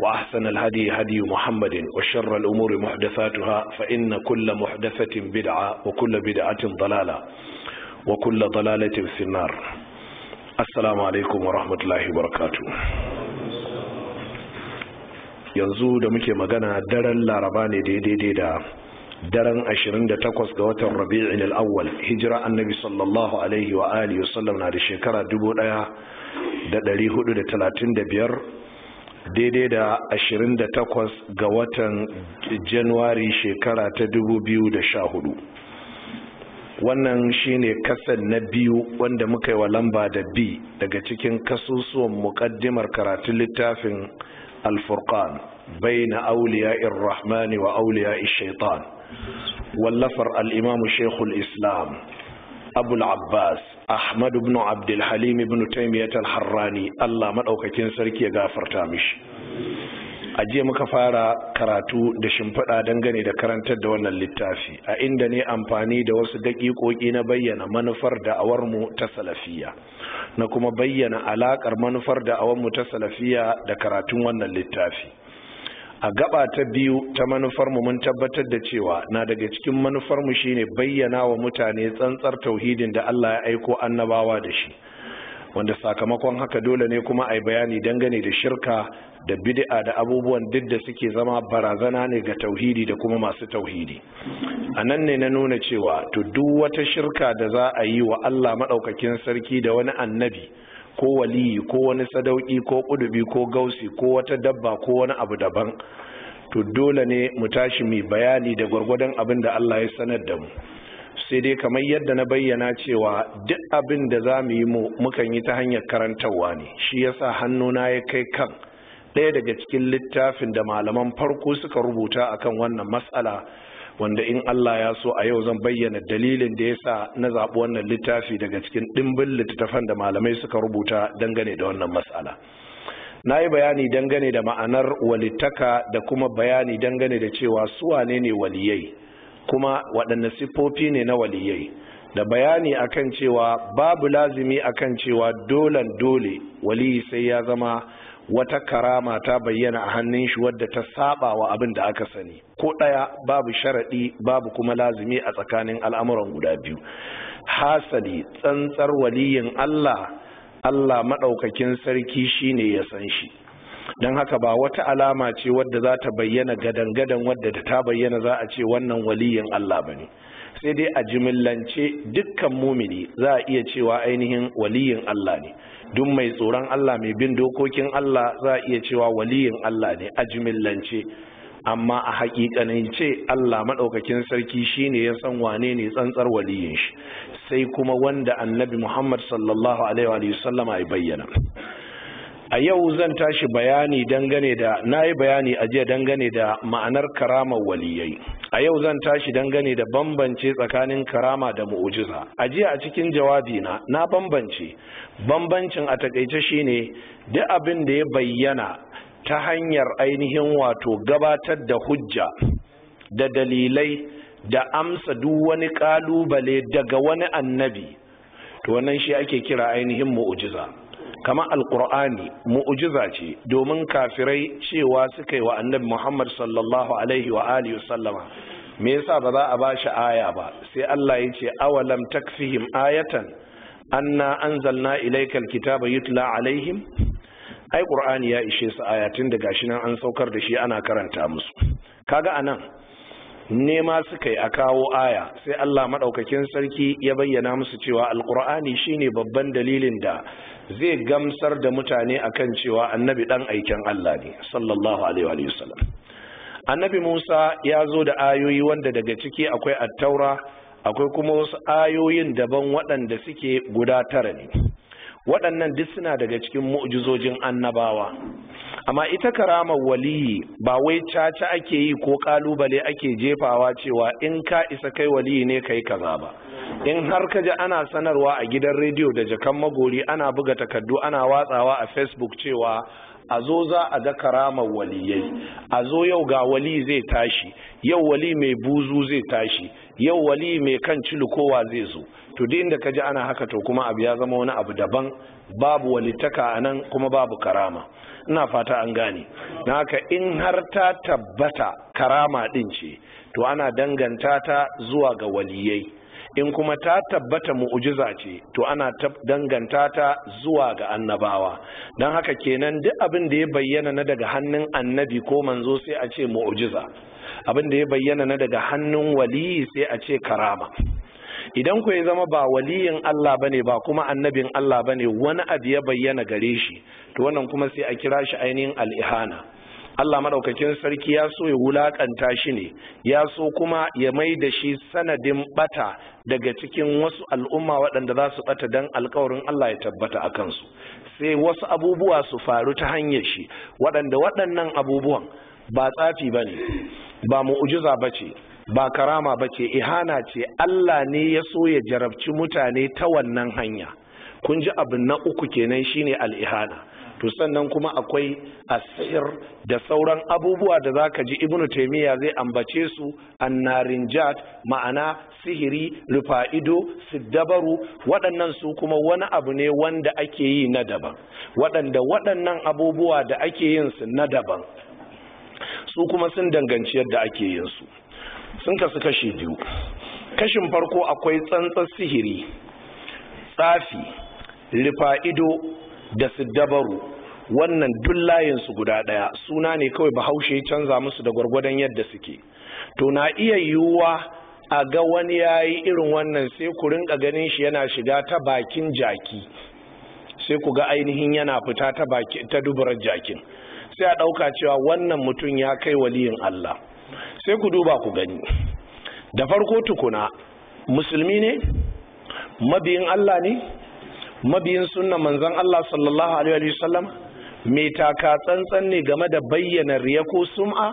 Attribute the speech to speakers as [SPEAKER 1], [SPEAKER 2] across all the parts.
[SPEAKER 1] وأحسن الهدي هدي محمد وشر الأمور محدثاتها فإن كل محدثة بدعة وكل بدعة ضلالة وكل ضلالة في النار السلام عليكم ورحمة الله وبركاته yanzu da muke magana daren laraba ne daidai da daren 28 ga watan rabi'in al'awwal hijira annabi sallallahu alaihi wa alihi wasallam na da shekara 1435 daidai da 28 ga watan januwari shekara ta 2014 wannan shine kasan na biyu wanda muka yi wa lamba da b daga cikin kasusuwan mukaddimar karatun littafin alfurkan bai na auliya irrahmani wa auliya shaitan wallafar al'imamu shekul islam abu abbas ahmad ibn abdulhalim ibn taimiyyat al-harrani allah maɗaukakin sarki ya gafarta mishi a jiya muka fara karatu da shimfiɗa dangane da karantar da wannan littafi a inda ne amfani da wasu daƙiƙoƙi na bayyana manufar da'awarmu ta salafiya na kuma bayyana alaƙar manufar da'awarmu ta salafiya da karatun wannan littafi a gaba ta biyu ta manufarmu mun tabbatar da cewa na daga cikin manufarmu shine bayyana wa mutane tsantsar tauhidin da Allah ya aiko annabawa da shi wanda sakamakon haka dole ne kuma a yi bayani dangane da shirka da bid'a da abubuwan duk da suke zama barazana ne ga tauhidi da kuma masu tauhidi a nan ne na nuna cewa to duk wata shirka da za a yi wa Allah maɗaukakin sarki da wani annabi ko waliyi ko wani sadauki ko kudubi ko gausi ko wata dabba ko wani abu daban to dole ne mu tashi mai bayani da gwargwadon abin da Allah ya sanar da mu sai dai kamar yadda na bayyana cewa duk abin da za mu yi mu mukan yi ta hanyar karantarwa ne shi yasa hannuna ya kai kan ɗaya daga cikin littafin da malaman farko suka rubuta akan wannan matsala wanda in Allah ya so a yau zan bayyana dalilin da ya sa na zaɓi wannan littafi daga cikin ɗimbin littattafan da malamai suka rubuta dangane da wannan matsala. Na yi bayani dangane da ma'anar walittaka da kuma bayani dangane da cewa suwa ne waliyai kuma waɗanne siffofi ne na waliyai da bayani akan cewa babu lazimi akan cewa dolan dole Wali sai ya zama wata karama ta bayyana a hannun shi wadda ta saba wa abin da aka sani ko ɗaya babu sharaɗi babu kuma lazimi a tsakanin al'amuran guda biyu hasali tsantsar waliyin Allah Allah maɗaukakin sarki shine ya san shi don haka ba wata alama ce wadda za ta bayyana gadan-gadan wadda ta bayyana za a ce wannan waliyin Allah ba ne sai dai a jimillance dukkan mumini za a iya cewa ainihin waliyin Allah ne duk mai tsoron Allah mai bin dokokin Allah za a iya cewa waliyin Allah ne a jimillance amma a hakikanin ce Allah maɗaukakin sarki shi ne ya san wane ne tsantsar waliyin shi sai kuma wanda annabi Muhammad sallallahu alaihi wa sallama ya bayyana a yau zan tashi bayani dangane da na yi bayani a jiya dangane da ma'anar karamar waliyai a yau zan tashi dangane da bambance tsakanin karama da mu'ujiza a jiya a cikin jawabi na na bambance bambancin a takaice shine duk abin da ya bayyana ta hanyar ainihin wato gabatar da hujja da dalilai da amsa duk wani kalubale daga wani annabi to wannan shi ake kira ainihin mu'ujiza kama alkur'ani mu'ujiza ce domin kafirai cewa suka yi wa annabi Muhammad sallallahu alaihi wa alihi sallama me yasa ba za a shi aya ba sai Allah ya ce awalam takfihim ayatan anna anzalna ilayka alkitaba yutla alaihim ai qur'ani ya ishe su ayatin da gashi nan an saukar da shi ana karanta musu kaga anan nema suka yi a kawo aya sai Allah maɗaukakin sarki ya bayyana musu cewa alkur'ani shine babban dalilin da zai gamsar da mutane akan cewa annabi ɗan aikin Allah ne sallallahu alaihi wa sallam annabi Musa ya zo da ayoyi wanda daga ciki akwai attaura akwai kuma wasu ayoyin daban waɗanda suke guda tara ne waɗannan duk suna daga cikin mu'jizojin annabawa amma ita karamar waliyi ba wai caca ake yi ko ƙalubale ake jefawa cewa in ka isa kai waliyi ne kai kaza ba in har ka ji ana sanarwa a gidan rediyo da jakan magori ana buga takardu ana watsawa a facebook cewa a zo za a ga karamar waliyai a zo yau ga wali zai tashi yau wali mai buzu zai tashi yau wali mai kan cilukowa zai zo to duk inda ka ji ana haka to kuma abu ya zama wani abu daban babu walitaka a nan kuma babu karama ina fata an gane na haka in har ta tabbata karama din ce to ana danganta ta zuwa ga waliyai in kuma ta tabbata mu'ujiza ce to ana danganta ta zuwa ga annabawa don haka kenan duk abin da ya bayyana na daga hannun annabi ko manzo sai a ce mu'ujiza abin da ya bayyana na daga hannun waliyi sai a ce karama idan ku ya zama ba waliyin Allah bane ba kuma annabin Allah bane wani abu ya bayyana gare shi to wannan kuma sai a kira shi ainihin al'ihana Allah madaukakin sarki ya so ya wulakanta shi ne ya so kuma ya mai da shi sanadin bata daga cikin wasu al'umma waɗanda za su bata don alkawarin Allah ya tabbata a kansu sai wasu abubuwa su faru ta hanyar shi waɗanda waɗannan abubuwan ba tsafi ba ne ba mu'ujiza ba ce ba karama ba ce ihana ce Allah ne ya so ya jarabci mutane ta wannan hanya kun ji abin na uku kenan shine al'ihana to sannan kuma akwai asir da sauran abubuwa da za ka ji ibnu taimiyya zai ambace su Jat, ma'ana sihiri rufa'ido siddabaru waɗannan su kuma wani abu ne wanda ake yi na daban waɗanda waɗannan abubuwa da ake yin su na daban su kuma sun danganci yadda ake yin su sun kasu kashi biyu kashin farko akwai tsantsar sihiri tsafi rufa'ido da siddabaru wannan duk layinsu guda ɗaya suna ne kawai bahaushe ya canza musu da gwargwadon yadda suke to na iya yiwuwa a ga wani ya yi irin wannan sai ku rinka ganin shi yana shiga ta bakin jaki sai ku ga ainihin yana fita ta baki ta dubarar jakin sai a ɗauka cewa wannan mutum ya kai waliyin Allah sai ku duba ku gani da farko tukuna musulmi ne mabiyin Allah ne mabiyin sunna manzon Allah sallallahu alaihi wa sallam mai taka tsantsan ne game da bayyana riya ko sum'a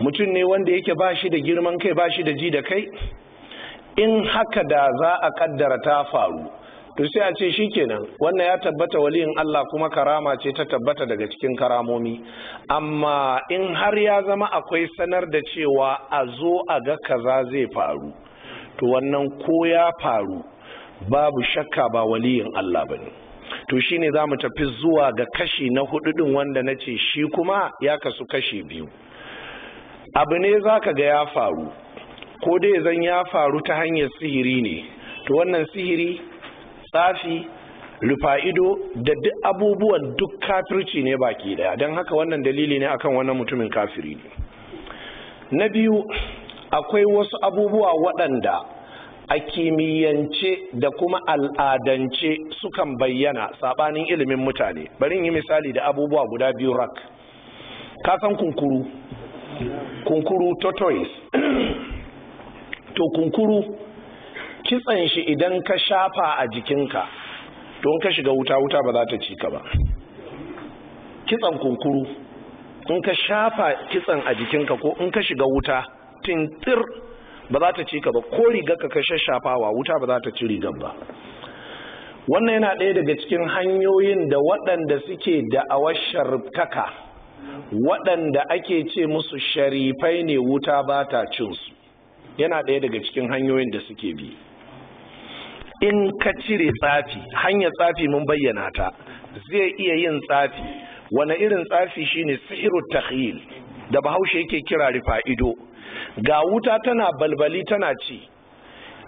[SPEAKER 1] mutum ne wanda yake ba shi da girman kai ba shi da ji da kai in haka da za a kaddara ta faru to sai a ce shikenan wannan ya tabbata waliyin Allah kuma karama ce ta tabbata daga cikin karamomi amma in har ya zama akwai sanar da cewa a zo a ga kaza zai faru to wannan ko ya faru babu shakka ba waliyin Allah bane to shine zamu tafi zuwa ga kashi na hudu din wanda ce shi kuma ya kasu kashi biyu abu ne zaka ga ya faru ko dai zan ya faru ta hanyar sihiri ne to wannan sihiri tsafi ido da duk abubuwan duk kafirci ne baki daya don haka wannan dalili ne akan wannan mutumin kafiri ne na biyu akwai wasu abubuwa waɗanda a kimiyyance da kuma al'adance sukan bayyana sabanin ilimin mutane bari yi misali da abubuwa guda biyu rak kasan kunkuru kunkuru tortoise to kunkuru kitsan shi idan ka shafa a jikinka to ka shiga wuta wuta ba za ta ci ka ba kitsan kunkuru in ka shafa kitsan a jikinka ko in ka shiga wuta tintir ba za ta ci ka ba ko riga ka kashe shafawa wuta ba za ta ci rigar ba wannan yana ɗaya daga cikin hanyoyin da waɗanda suke da da'awar sharftaka waɗanda ake ce musu sharifai ne wuta ba ta su, yana ɗaya daga cikin hanyoyin da suke bi in ka cire tsafi hanyar tsafi mun bayyana ta zai iya yin tsafi wani irin tsafi shine sihiru tahil da bahaushe yake kira rifa'ido ga wuta tana balbali tana ci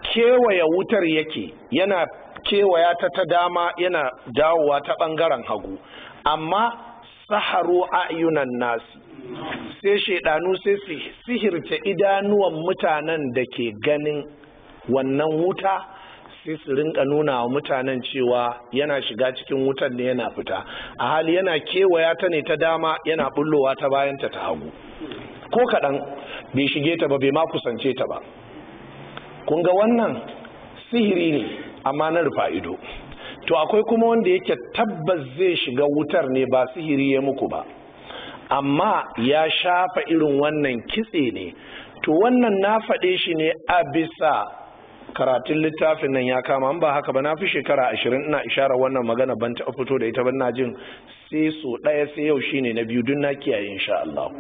[SPEAKER 1] kewaye wutar yake yana kewaya ta ta dama yana dawowa ta ɓangaren hagu amma saharo ayunan nasi sai shaidanu sai su sihirce idanuwan mutanen da ke ganin wannan wuta sai su rinka nuna wa mutanen cewa yana shiga cikin wutan ne yana fita a hali yana kewaya ta ne ta dama yana bullowa ta bayanta ta hagu ko kaɗan bai shige ta ba bai ma kusance ta ba kun ga wannan sihiri ne amma na rufa ido to akwai kuma wanda yake tabbas zai shiga wutar ne ba sihiri ya muku ba amma ya shafa irin wannan kitse ne to wannan na faɗe shi ne a bisa karatun littafin nan ya kama ba haka ba na fi shekara ashirin ina ishara wannan magana ban ta fito da ita ban na jin sai so ɗaya sai yau shine na biyu dun na kiyaye insha Allah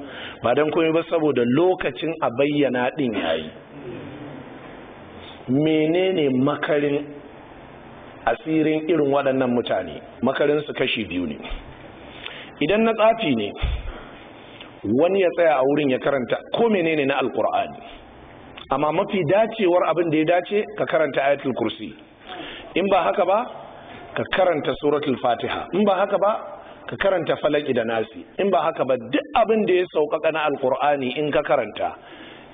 [SPEAKER 1] ba dan komai ba saboda lokacin a bayyana din yayi menene makarin asirin irin waɗannan mutane makarin su kashi biyu ne idan na tsafi ne wani ya tsaya a wurin ya karanta ko menene na alkur'ani amma mafi dacewar abin da ya dace ka karanta ayatul kursi in ba haka ba ka karanta suratul fatiha in ba haka ba ka karanta falaki da nasi in ba haka ba duk abin da ya sauƙaƙa na alƙur'ani in ka karanta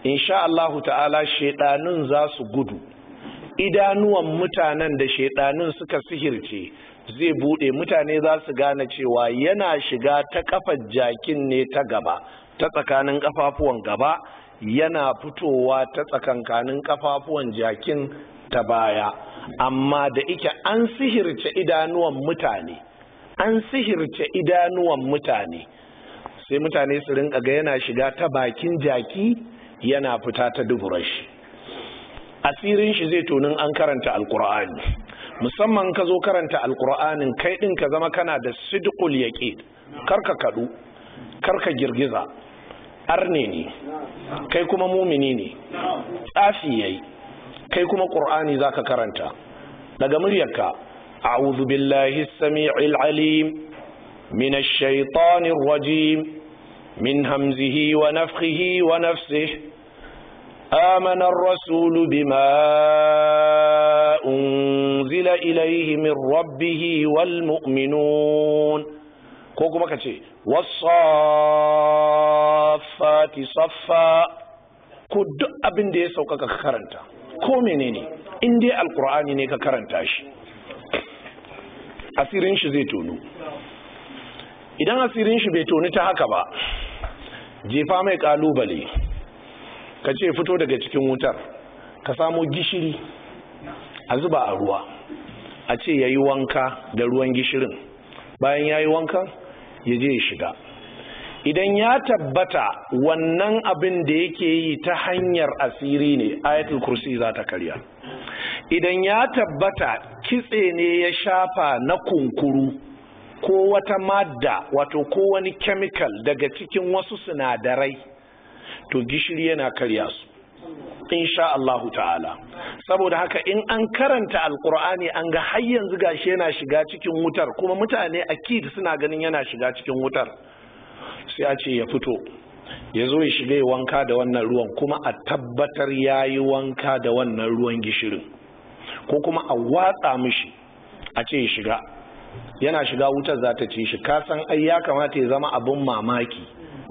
[SPEAKER 1] insha Allahu ta'ala shaidanun za su gudu idanuwan mutanen da shaiɗanun suka sihirce zai bude mutane za su gane cewa yana shiga ta kafa jakin ne ta gaba ta tsakanin kafafuwan gaba yana fitowa ta tsakankanin kafafuwan jakin ta baya amma da ike an sihirce idanuwan mutane an sihirce idanuwan mutane sai mutane su rinka ga yana shiga ta bakin jaki yana fita ta duburashi asirin shi zai tonin an karanta alkur'ani musamman ka zo karanta alkur'anin kai ɗin ka zama kana da Kar ka karka kaɗu karka girgiza arne kai kuma mumini ne tsafi yayi kai kuma qur'ani zaka karanta daga muryarka a'udhu billahi as-sami'il alim min ash-shaytanir rajim min hamzihi wa nafthihi wa nafsihi آمن الرسول بما أنزل إليه من ربه والمؤمنون ko kuma ka ce wasafati saffa ko duk abin da ya sauka ka karanta ko menene in dai alkur'ani ne ka karanta shi asirin shi zai tonu idan asirin shi bai tonu ta haka ba jefa mai kalubale ka ce fito daga cikin wutar ka samo gishiri a zuba a ruwa a ce ya yi wanka da ruwan gishirin bayan ya yi wankan ya je ya shiga idan ya tabbata wannan abin da yake yi ta hanyar asiri ne ayatul kursi za ta karya idan ya tabbata kitse ne ya shafa na kunkuru ko wata madda wato ko wani chemical daga cikin wasu sinadarai to gishiri yana karya su insha Allahu ta'ala saboda haka in an karanta alkur'ani an ga har yanzu gashi yana shiga cikin wutar kuma mutane akid suna ganin yana shiga cikin wutar sai a ce ya fito ya zo ya shiga ya wanka da wannan ruwan kuma a tabbatar ya yi wanka da wannan ruwan gishirin ko kuma a watsa mishi a ce ya shiga yana shiga wutar za ta ci shi ka san ai ya kamata ya zama abin mamaki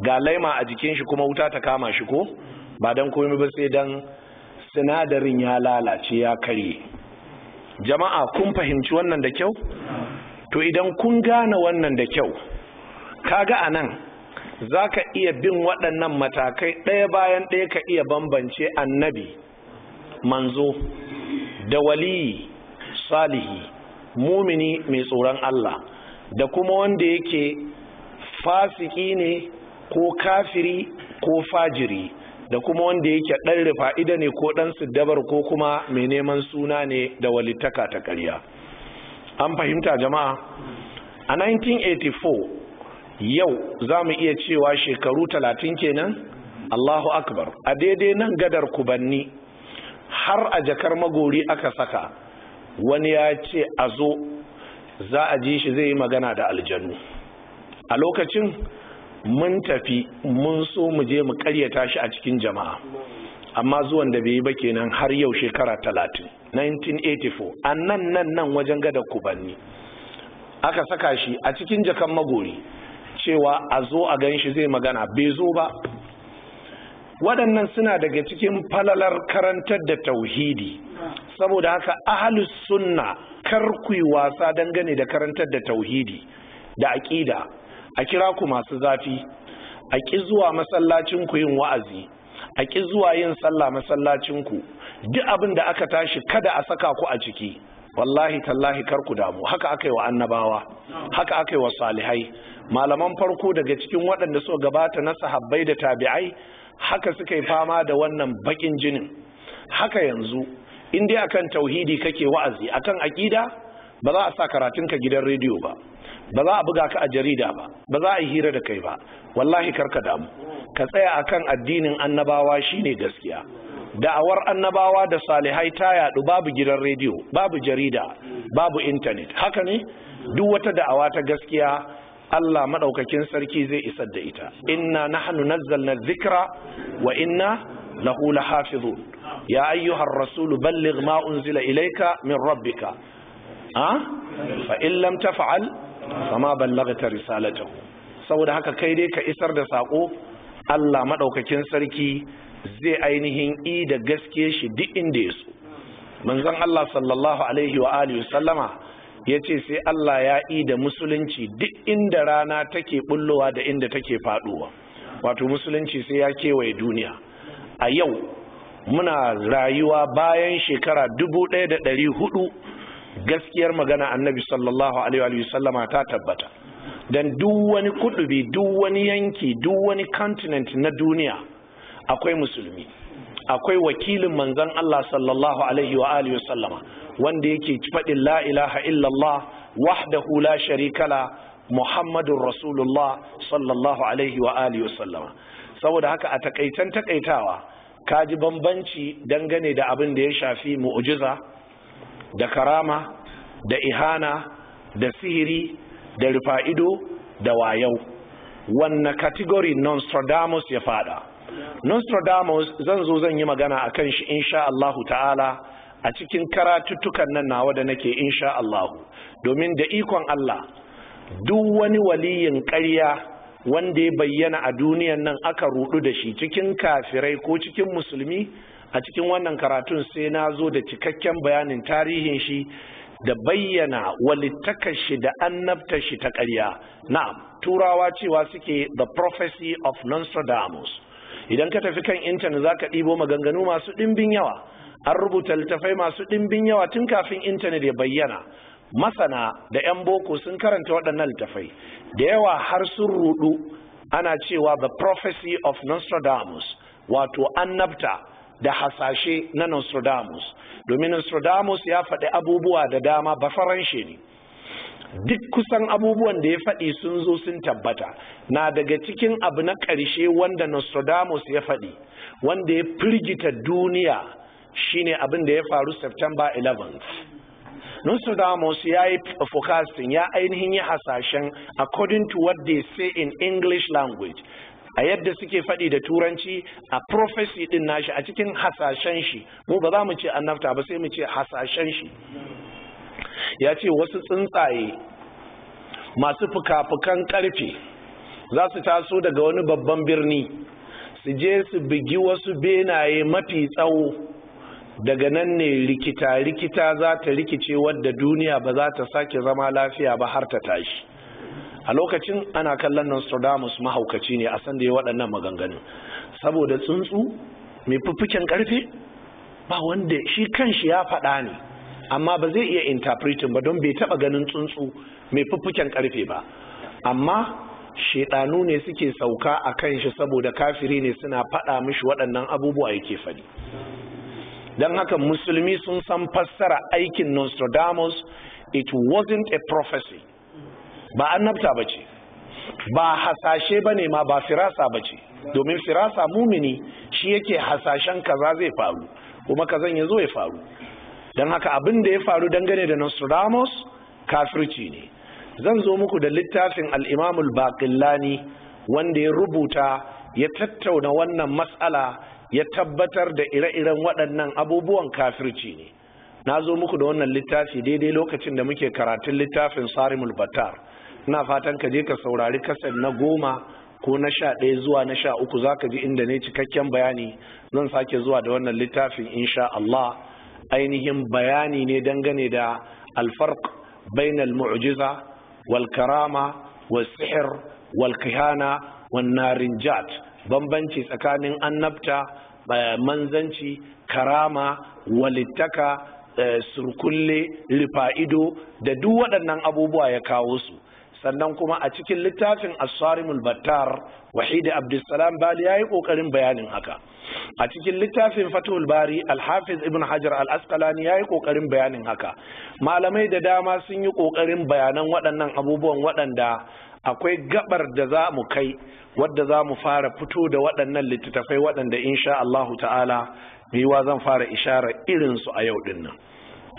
[SPEAKER 1] ga laima a jikin shi kuma wuta ta kama shi ko ba don komai ba sai don sinadarin ya lalace ya karye jama'a kun fahimci wannan da kyau to idan kun gane wannan da kyau kaga a nan za ka iya bin waɗannan matakai ɗaya bayan ɗaya ka iya bambance annabi manzo da waliyi salihi mumini mai tsoron Allah da kuma wanda yake fasiki ne ko kafiri ko fajiri da kuma wanda yake ɗan rufa'ida ne ko ɗan siddabar ko kuma mai neman suna ne da walittaka ta ƙarya an fahimta jama'a a 1984 yau za mu iya cewa shekaru 30 kenan allahu akbar a daidai nan gadar kubanni har a jakar magori aka saka wani ya ce a zo za a ji shi zai yi magana da aljanu a lokacin mun tafi mun so mu je mu karyata shi a cikin jama'a amma zuwan da bai yi ba kenan har yau shekara talatin 1984 a nan nan nan wajen gada kubanni aka saka shi a cikin jakan magori cewa a zo a gan shi zai magana bai zo ba waɗannan suna daga cikin falalar karantar da tauhidi saboda haka ahalus sunna karkui wasa dangane da karantar da tauhidi da aƙida a kira ku masu zafi a ƙi zuwa masallacin ku yin wa'azi a ƙi zuwa yin sallah masallacin ku duk abin da aka tashi kada a saka ku a ciki wallahi tallahi kar ku damu haka aka yi wa annabawa haka aka yi wa salihai malaman farko daga cikin waɗanda so gabata na sahabbai da tabi'ai haka suka yi fama da wannan baƙin jinin haka yanzu in dai akan tauhidi kake wa'azi akan aƙida ba za a sa karatunka gidan rediyo ba ba za a buga ka a jarida ba ba za a yi hira da kai ba wallahi karka damu ka tsaya akan addinin annabawa shine gaskiya da'awar annabawa da salihai ta yadu babu gidan rediyo babu jarida babu intanet haka ne duk wata da'awa ta gaskiya Allah madaukakin sarki zai isar da ita inna nahnu nazzalna dhikra wa inna lahu lahafizun ya ayyuhar rasulu balligh ma unzila ilayka min rabbika ha ah? fa in lam taf'al fama ballagta risalatu saboda haka kai dai ka isar da sako Allah madaukakin sarki zai ainihin i da gaske shi duk inda ya so manzon Allah sallallahu alaihi wa alihi sallama ya sai Allah ya i da musulunci duk inda rana take bullowa da inda take faduwa wato musulunci sai ya kewaye duniya a yau muna rayuwa bayan shekara dubu ɗaya da ɗari hudu gaskiyar magana annabi sallallahu alaihi wa sallama ta tabbata dan duk wani kudubi duk wani yanki duk wani continent na duniya akwai musulmi akwai wakilin manzon Allah sallallahu alaihi wa alihi sallama wanda yake faɗin la ilaha illallah wahdahu la sharika la muhammadur rasulullah sallallahu alaihi wa alihi sallama saboda haka a takaitan takaitawa kaji bambanci dangane da abin da ya shafi mu'ujiza da karama da ihana da sihiri da rufa'ido da wayau Wannan kategori nostradamus ya fada nostradamus zan zo zan yi magana a kan shi insha Allahu ta'ala a cikin karatuttukan nan nawa da nake insha Allahu domin da ikon Allah duk wani waliyin ƙarya wanda ya bayyana a duniyan nan aka rudu da shi cikin kafirai ko cikin musulmi a cikin wannan karatun sai na zo da cikakken bayanin tarihin shi da bayyana walittakashi da annabta shi ta ƙarya na'am turawa cewa suke the prophecy of Nostradamus idan ka tafi kan intanet za ka ɗibo maganganu masu ɗimbin yawa an rubuta littafai masu ɗimbin yawa tun kafin intanet ya bayyana masana da 'yan boko sun karanta waɗannan littafai da yawa har sun rudu ana cewa the prophecy of Nostradamus wato annabta da hasashe na Nostradamus domin Nostradamus ya faɗi abubuwa da dama ba faranshe ne duk kusan abubuwan da ya faɗi sun zo sun tabbata na daga cikin abu na ƙarshe wanda Nostradamus ya faɗi wanda ya firgita duniya shine abin da ya faru September 11th Nostradamus ya yi forecasting ya ainihin yi hasashen according to what they say in English language a yadda suke faɗi da turanci a prophecy din nashi a cikin hasashen shi mu ba za mu ce annabta ba sai mu ce hasashen shi ya ce wasu tsuntsaye masu fuka-fukan karfe za su taso daga wani babban birni su je su bugi wasu benaye mafi tsawo daga nan ne rikita-rikita za ta rikice wadda duniya ba za ta sake zama lafiya ba har ta tashi a lokacin ana kallon nostradamus mahaukaci ne a san da ya waɗannan maganganu. saboda tsuntsu mai fuffuken ƙarfe ba wanda shi kanshi ya faɗa ne amma ba zai iya interpreting ba don bai taɓa ganin tsuntsu mai fuffuken ƙarfe ba amma shaidanu ne suke sauka a kan shi saboda kafiri ne suna faɗa mishi waɗannan abubuwa yake faɗi don haka musulmi sun san fassara aikin nostradamus it wasn't a prophecy ba annabta ba ce ba hasashe ba ne ma ba firasa ba ce domin firasa mumini shi yake hasashen kaza zai faru kuma kazan ya zo ya faru don haka abin da ya faru dangane da nostradamus kafirci ne zan zo muku da littafin al'imamul baƙillani wanda ya rubuta ya tattauna wannan matsala ya tabbatar da ire-iren waɗannan abubuwan kafirci ne na zo muku da wannan littafi daidai lokacin da muke karatun littafin sarimul batar ina fatan ka je ka saurari kasar na goma ko na sha ɗaya zuwa na sha uku za ka ji inda ne cikakken bayani zan sake zuwa da wannan littafin insha Allah ainihin bayani ne dangane da alfarq bainal mu'jiza wal karama wal sihr wal kihana narinjat bambanci tsakanin annabta manzanci karama walittaka eh, surkulle rifa'ido da duk waɗannan abubuwa ya kawo su sannan kuma a cikin littafin assarimul battar wahidi abdulsalam bali ya yi ƙoƙarin bayanin haka a cikin littafin fatul bari alhafiz ibn hajar al-asqalani ya yi ƙoƙarin bayanin haka malamai da dama sun yi ƙoƙarin bayanan waɗannan abubuwan waɗanda akwai gabar da za mu kai wadda za mu fara fito da waɗannan littattafai waɗanda insha Allahu ta'ala yiwa zan fara isharar irinsu a yau ɗin nan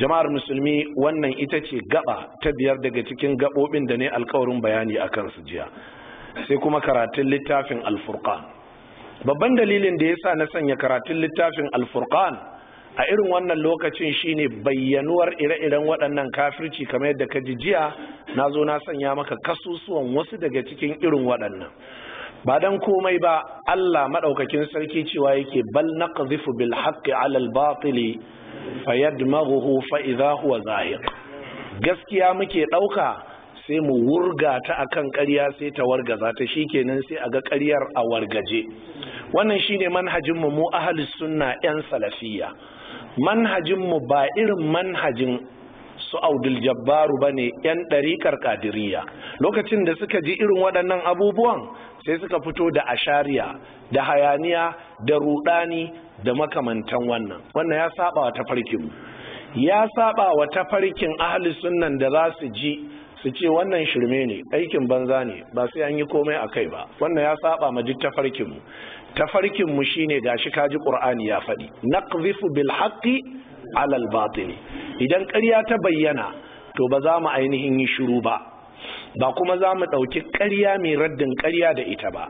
[SPEAKER 1] jama'ar musulmi wannan ita ce gaba ta biyar daga cikin gabobin da ne alkawarin bayani a kansu jiya sai kuma karatun littafin alfurkan babban dalilin da ya sa na sanya karatun littafin alfurkan a irin wannan lokacin shine bayyanuwar ire-iren waɗannan kafirci kamar yadda ka ji jiya na zo na sanya maka kasusuwan wasu daga cikin irin waɗannan ba dan komai ba Allah maɗaukakin sarki cewa yake bal naqdhifu bil haqqi alal batili fa yadmaghu fa idza huwa zahiq gaskiya muke dauka sai mu wurga ta akan ƙarya sai ta wargaza ta shikenan sai a ga ƙaryar a wargaje wannan shine manhajin mu mu ahlus sunna yan salafiyya manhajin mu ba irin manhajin su Audul Jabbaru bane yan ɗariƙar Qadiriyya lokacin da suka ji irin waɗannan abubuwan sai suka fito da ashariya da hayaniya da rudani da makamantan wannan wannan ya saba wa tafarkin ya saba wa tafarkin ahli sunnan da za su ji su ce wannan shirme ne aikin banza ne ba sai an yi komai a kai ba wannan ya saba ma duk tafarkin mu tafarkin mu shine gashi kaji qur'ani ya faɗi naqzifu bil haqqi alal batili idan ƙarya ta bayyana to ba za mu ainihin yi shiru ba ba kuma za mu ɗauki ƙarya mai raddin ƙarya da ita ba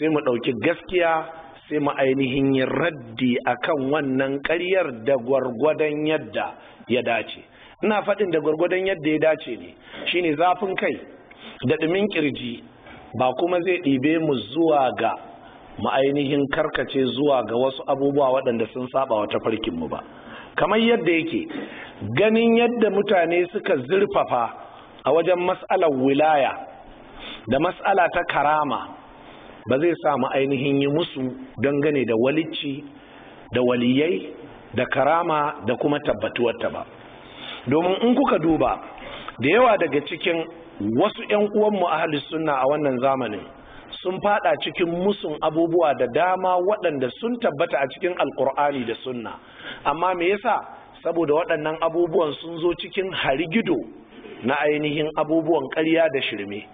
[SPEAKER 1] sai mu ɗauki gaskiya sai mu ainihin yin raddi kan wannan ƙaryar da gwargwadon yadda ya dace ina faɗin da gwargwadon yadda ya dace ne shine zafin kai da ɗumin ƙirji ba kuma zai ɗibe mu zuwa ga mu ainihin karkace zuwa ga wasu abubuwa waɗanda sun saba wa tafarkinmu ba kamar yadda yake ganin yadda mutane suka zurfafa a wajen matsalar wilaya da matsala ta karama ba zai samu ainihin yi musu dangane da walici da waliyai da karama da kuma tabbatuwarta ba domin in kuka duba da yawa daga cikin wasu 'yan uwanmu ahli sunna a wannan zamanin sun fada cikin musun abubuwa da dama waɗanda sun tabbata a cikin alkur'ani da sunna amma me yasa saboda waɗannan abubuwan sun zo cikin harigido na ainihin abubuwan ƙarya da shirme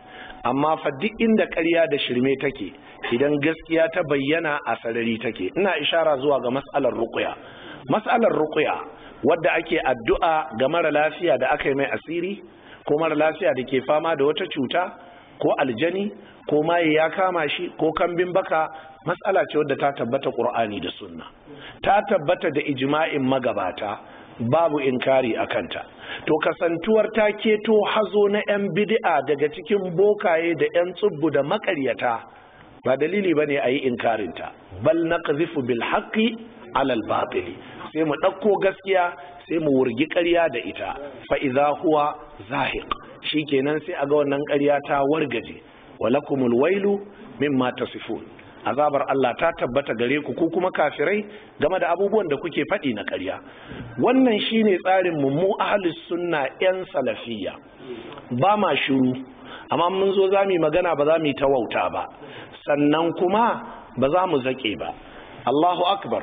[SPEAKER 1] amma fa duk inda ƙarya da shirme take idan gaskiya ta bayyana a sarari take ina ishara zuwa ga matsalar rukuya matsalar rukuya wadda ake addu'a ga mara lafiya da aka yi mai asiri ko mara lafiya da ke fama da wata cuta ko aljani ko maye ya kama shi ko kambin baka matsala ce wadda ta tabbata qur'ani da sunna ta tabbata da ijima'in magabata babu inkari a kanta to kasantuwar ta keto hazo na 'yan bid'a daga cikin bokaye da 'yan tsubbu da makaryata ba dalili ba ne a yi inkarinta bal na kazifu bil haƙi alal babili sai mu ɗauko gaskiya sai mu wurgi ƙarya da ita fa'iza huwa zahiq shi kenan sai a ga wannan ƙarya ta wargaje walakumul wailu mimma tasifun azabar Allah ta tabbata gare ku ku kuma kafirai game da abubuwan da kuke faɗi na ƙarya wannan shine tsarin mu mu ahlus sunna yan salafiyya ba ma shiru amma mun zo za magana ba za mu yi ta wauta ba sannan kuma ba za mu zaƙe ba Allahu akbar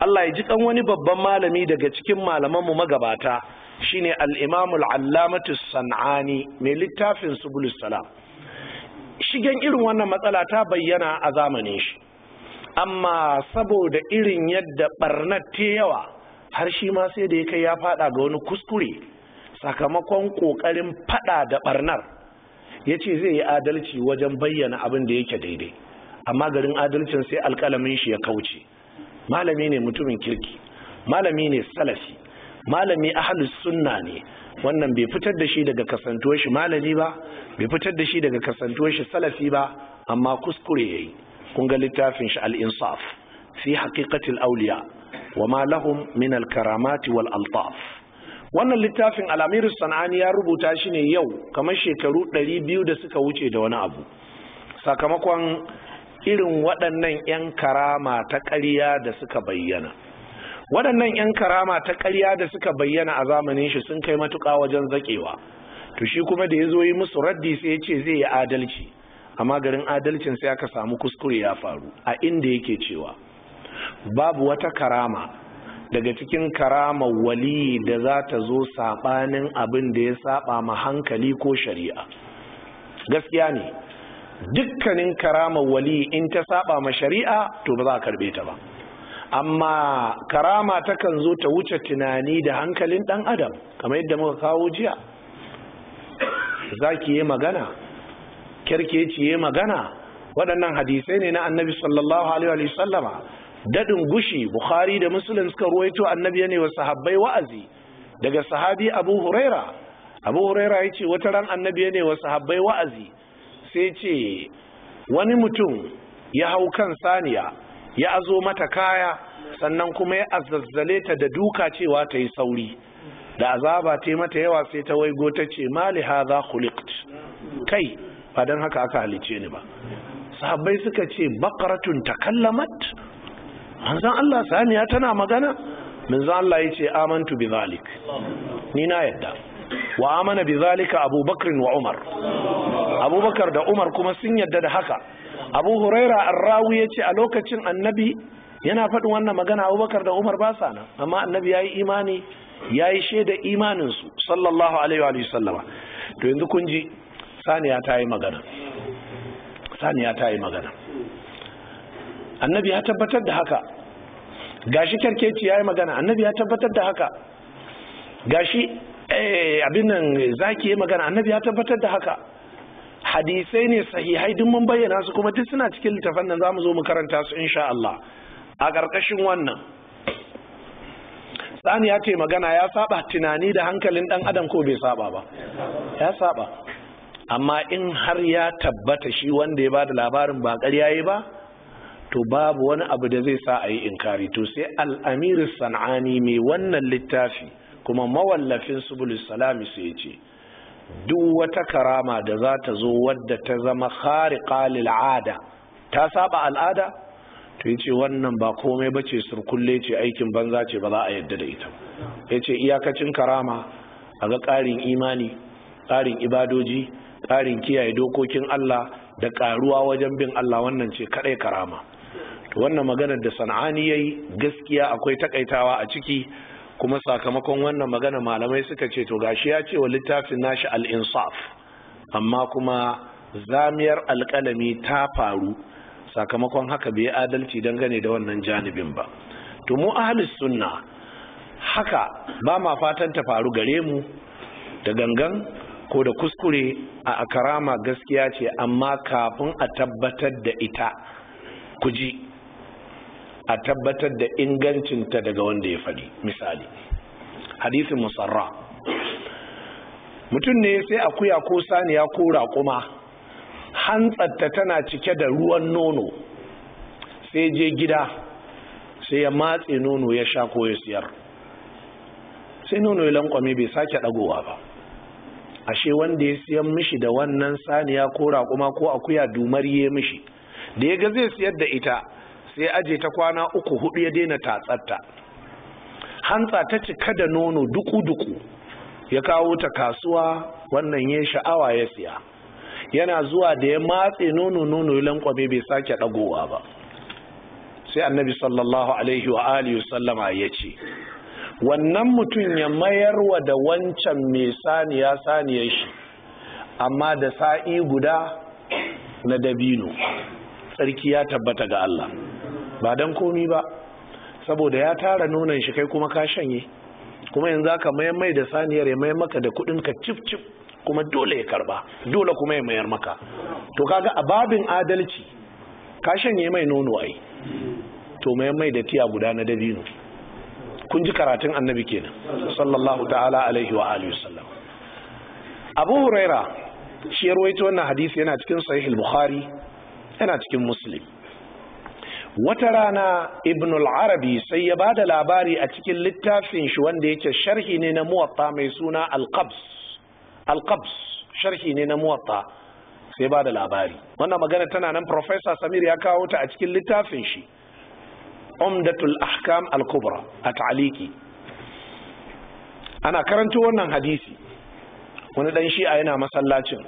[SPEAKER 1] Allah ya ji dan wani babban malami daga cikin malaman mu magabata shine al-Imam al-Allamah sanani mai littafin Subul Salam shigen irin wannan matsala ta bayyana a zamanin shi amma saboda irin yadda barnar ta yawa har shi ma sai da ya kai ya fada ga wani kuskure sakamakon kokarin fada da barnar ya ce zai yi adalci wajen bayyana abin da yake daidai amma garin adalcin sai alkalamin shi ya kauce malami ne mutumin kirki malami ne salafi malami ahalus sunna ne wannan bai fitar da shi daga kasantuwar shi malami ba bai fitar da shi daga kasantuwar shi salafi ba amma kuskure yayi kun ga littafin shi al-insaf fi haqiqatil awliya wa ma lahum min al-karamati wal altaf wannan littafin al-amir sanani ya rubuta shi ne yau kamar shekaru 200 da suka wuce da wani abu sakamakon irin waɗannan 'yan karama ta ƙarya da suka bayyana waɗannan 'yan karama ta ƙarya da suka bayyana a zamanin shi sun kai matuƙa wajen zaƙewa to shi kuma da ya zo yi musu raddi sai ya ce zai yi adalci amma garin adalcin sai aka samu kuskure ya faru a inda yake cewa babu wata karama daga cikin karama wali da za ta zo saɓanin abin da ya saɓa ma hankali ko shari'a gaskiya ne dukkanin karama wali in ta saɓa ma shari'a to ba za a karɓe ta ba amma karama takan zo ta wuce tunani da hankalin ɗan adam kamar yadda muka kawo jiya zaki yi magana kyarkeci yi magana waɗannan hadisai ne na annabi sallallahu alaihi wa dadin gushi bukhari da muslim suka ruwaito annabi ne wa sahabbai wa'azi daga sahabi abu huraira abu huraira ya ce wata ran annabi ne wa sahabbai wa'azi sai ce wani mutum ya hau kan saniya ya azo mata kaya sannan kuma ya azazzale ta da duka cewa ta yi sauri da azaba ta mata yawa sai ta waigo ta ce mali za khuliqt kai ba dan haka aka halice ni ba sahabbai suka ce baqaratun takallamat manzon Allah saniya tana magana manzon Allah yace amantu bi zalik ni na yadda wa amana bi zalika abubakar wa umar abubakar da umar kuma sun yadda da haka abu huraira arrawi ya ce a lokacin annabi yana faɗin wannan magana abubakar da umar ba sa nan amma annabi ya yi imani ya yi shaida imaninsu sallallahu alaihi wa sallama to yanzu kun ji saniya ta yi magana saniya ta yi magana annabi ya tabbatar da haka gashi kyarkeci ya yi magana annabi ya tabbatar da haka gashi eh, abin nan zaki ya magana annabi ya tabbatar da haka hadisai ne sahihai duk mun bayyana su kuma duk suna cikin littafan nan zamu zo mu karanta su insha Allah a ƙarƙashin wannan sani ya ce magana ya saba tunani da hankalin dan adam ko bai saba ba ya saba amma in har ya tabbata shi wanda ya bada labarin ba ƙarya yi ba to babu wani abu da zai sa a yi inkari to sai al'amirin san'ani mai wannan littafi kuma mawallafin subulus salami sai ya ce duk wata karama da za ta zo wadda ta zama kare ƙalil ada ta saba al'ada to yace wannan ba komai bace surkulle ce aikin banza ce ba za a yadda da ita yace iyakacin karama a ga ƙarin imani ƙarin ibadoji ƙarin kiyaye dokokin Allah da ƙaruwa wajen bin Allah wannan ce kadai karama to wannan maganar da sana'ani yayi gaskiya akwai takaitawa a ciki kuma sakamakon wannan magana malamai suka ce to gashi ya ce wa littafin nashi al-insaf amma kuma zamiyar alƙalami ta faru sakamakon haka bai adalci dangane da wannan janibin ba to mu ahlus sunna haka ba ma fatan ta faru gare mu da gangan ko da kuskure a akarama gaskiya ce amma kafin a tabbatar da ita ku ji a tabbatar da ingancinta daga wanda ya faɗi misali hadisin musarra mutum ne sai akuya ko saniya ko raƙuma hantsatta tana cike da ruwan nono sai je gida sai ya matse nono ya sha ko ya siyar sai nono ya lankwame bai sake ɗagowa ba ashe wanda ya siyan mishi da wannan saniya ko raƙuma ko akuya dumar ya mishi da ya ga zai siyar da ita sai aje ta kwana uku hudu ya daina tatsatta hantsa ta cika da nono duku-duku ya kawo ta kasuwa wannan ya sha'awa ya siya yana zuwa da ya matse nono-nono ya lankwame bai sake dagowa ba sai annabi sallallahu alaihi wa alihi sallama ya ce wannan mutum ya mayarwa da wancan mai saniya saniyar shi amma da sa'i guda na dabino tsarki ya tabbata ga Allah ba don komi ba saboda ya tara nonon shi kai kuma ka shanye kuma yanzu aka mayan mai da saniyar ya mayan maka da kudin ka cif cif kuma dole ya karba dole kuma ya mayar maka to kaga a babin adalci ka shanye mai nono ai to mayan mai da tiya guda na dabino kun ji karatun annabi kenan sallallahu ta'ala alaihi wa alihi wasallam abu huraira shi ya wannan hadisi yana cikin sahih al-bukhari yana cikin muslim wata rana ibn al-arabi sai ya ba da labari a cikin littafin shi wanda yake sharhi ne na muwatta mai suna al-qabs al-qabs sharhi ne na muwatta sai ba da labari wannan magana tana nan professor samir ya kawo ta a cikin littafin shi umdatul ahkam al-kubra a ta'aliki ana karanto wannan hadisi wani dan shi'a yana masallacin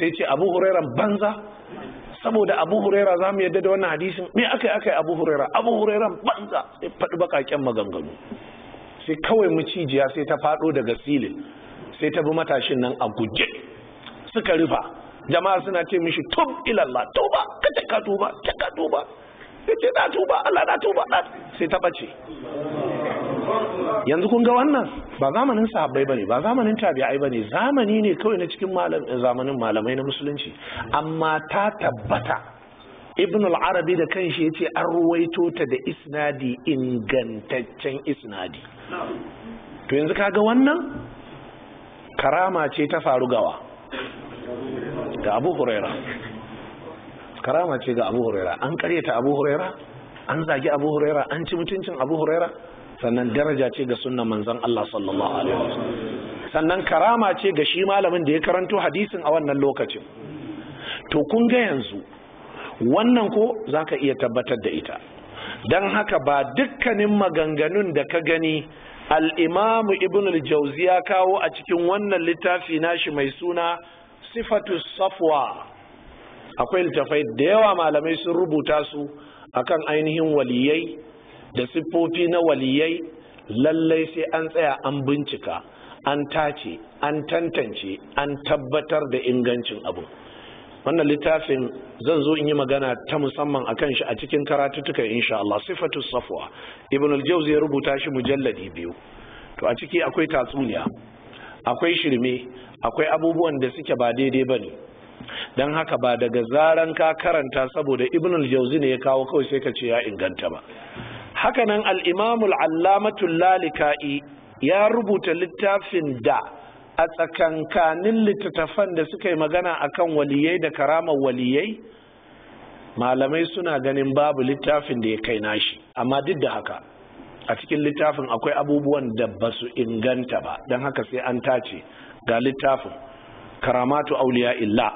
[SPEAKER 1] sai ce abu hurairan banza saboda abu huraira za mu yadda da wannan hadisin me aka yi aka yi abu huraira abu huraira banza sai faɗi baƙaƙen maganganu sai kawai macijiya sai ta faɗo daga silin sai ta bi matashin nan a guje suka rufa jama'a suna ce mishi ilalla. ilallah tuba ka ce ka tuba ka tuba ka ce na tuba Allah na tuba sai ta ɓace yanzu kun ga wannan ba zamanin sahabbai bane ba zamanin tabi'ai bane zamani ne kawai na cikin zamanin malamai na musulunci amma ta tabbata ibn al-arabi da kanshi yace an ruwaito ta da isnadi ingantaccen isnadi to yanzu kaga wannan karama ce ta faru gawa ga abu huraira karama ce ga abu huraira an karyata abu huraira an zagi abu huraira an ci mutuncin abu huraira sannan daraja ce ga sunnan manzon Allah sallallahu alaihi
[SPEAKER 2] wasallam
[SPEAKER 1] sannan karama ce ga shi malamin da ya karanto hadisin a wannan lokacin to kun ga yanzu wannan ko zaka iya tabbatar da ita dan haka ba dukkanin maganganun da ka gani al'imamu ibn al jawzi ya kawo a cikin wannan littafi nashi mai suna sifatu safwa akwai littafai da yawa malamai sun rubuta su akan ainihin waliyai da siffofi na waliyai lallai sai an tsaya an bincika an tace an tantance an tabbatar da ingancin abu wannan littafin zan zo in yi magana ta musamman a kan shi a cikin karatuttuka insha Allah sifatu safwa ibn al ya rubuta shi mujalladi biyu to a ciki akwai tatsuniya akwai shirme akwai abubuwan da suke ba daidai bane dan haka ba daga zaran ka karanta saboda ibn al ne ya kawo kawai sai ka ce ya inganta ba hakanan al'imamul allamatul lalika'i ya rubuta littafin da a tsakankanin littattafan da suka yi magana kan waliyai da karamar waliyai malamai suna ganin babu littafin da ya kai nashi amma duk da haka a cikin littafin akwai abubuwan da ba su inganta ba don haka sai an tace ga littafin karamatu auliya illa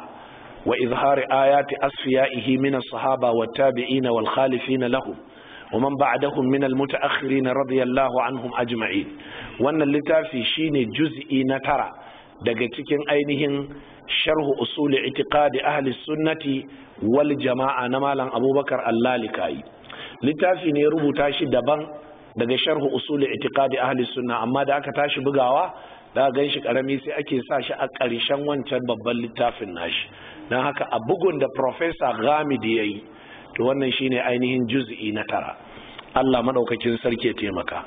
[SPEAKER 1] wa izhari ayati Asfiya, ihi as-sahaba wa tabi'ina wal khalifina lahu ومن بعدهم من المتأخرين رضي الله عنهم أجمعين وأن اللتافي شيني جزئي نترى daga cikin ainihin sharhu usuli itiqadi ahli sunnati wal jama'a na malam abubakar allalikai littafi ne rubuta shi daban daga sharhu usuli itiqadi ahli sunna amma da aka tashi bugawa da gan shi karami sai ake sa shi a ƙarshen wancan babban littafin nashi don haka a bugun da professor ghamid ya yi to wannan shine ainihin juz'i na tara Allah madaukakin sarki ya taimaka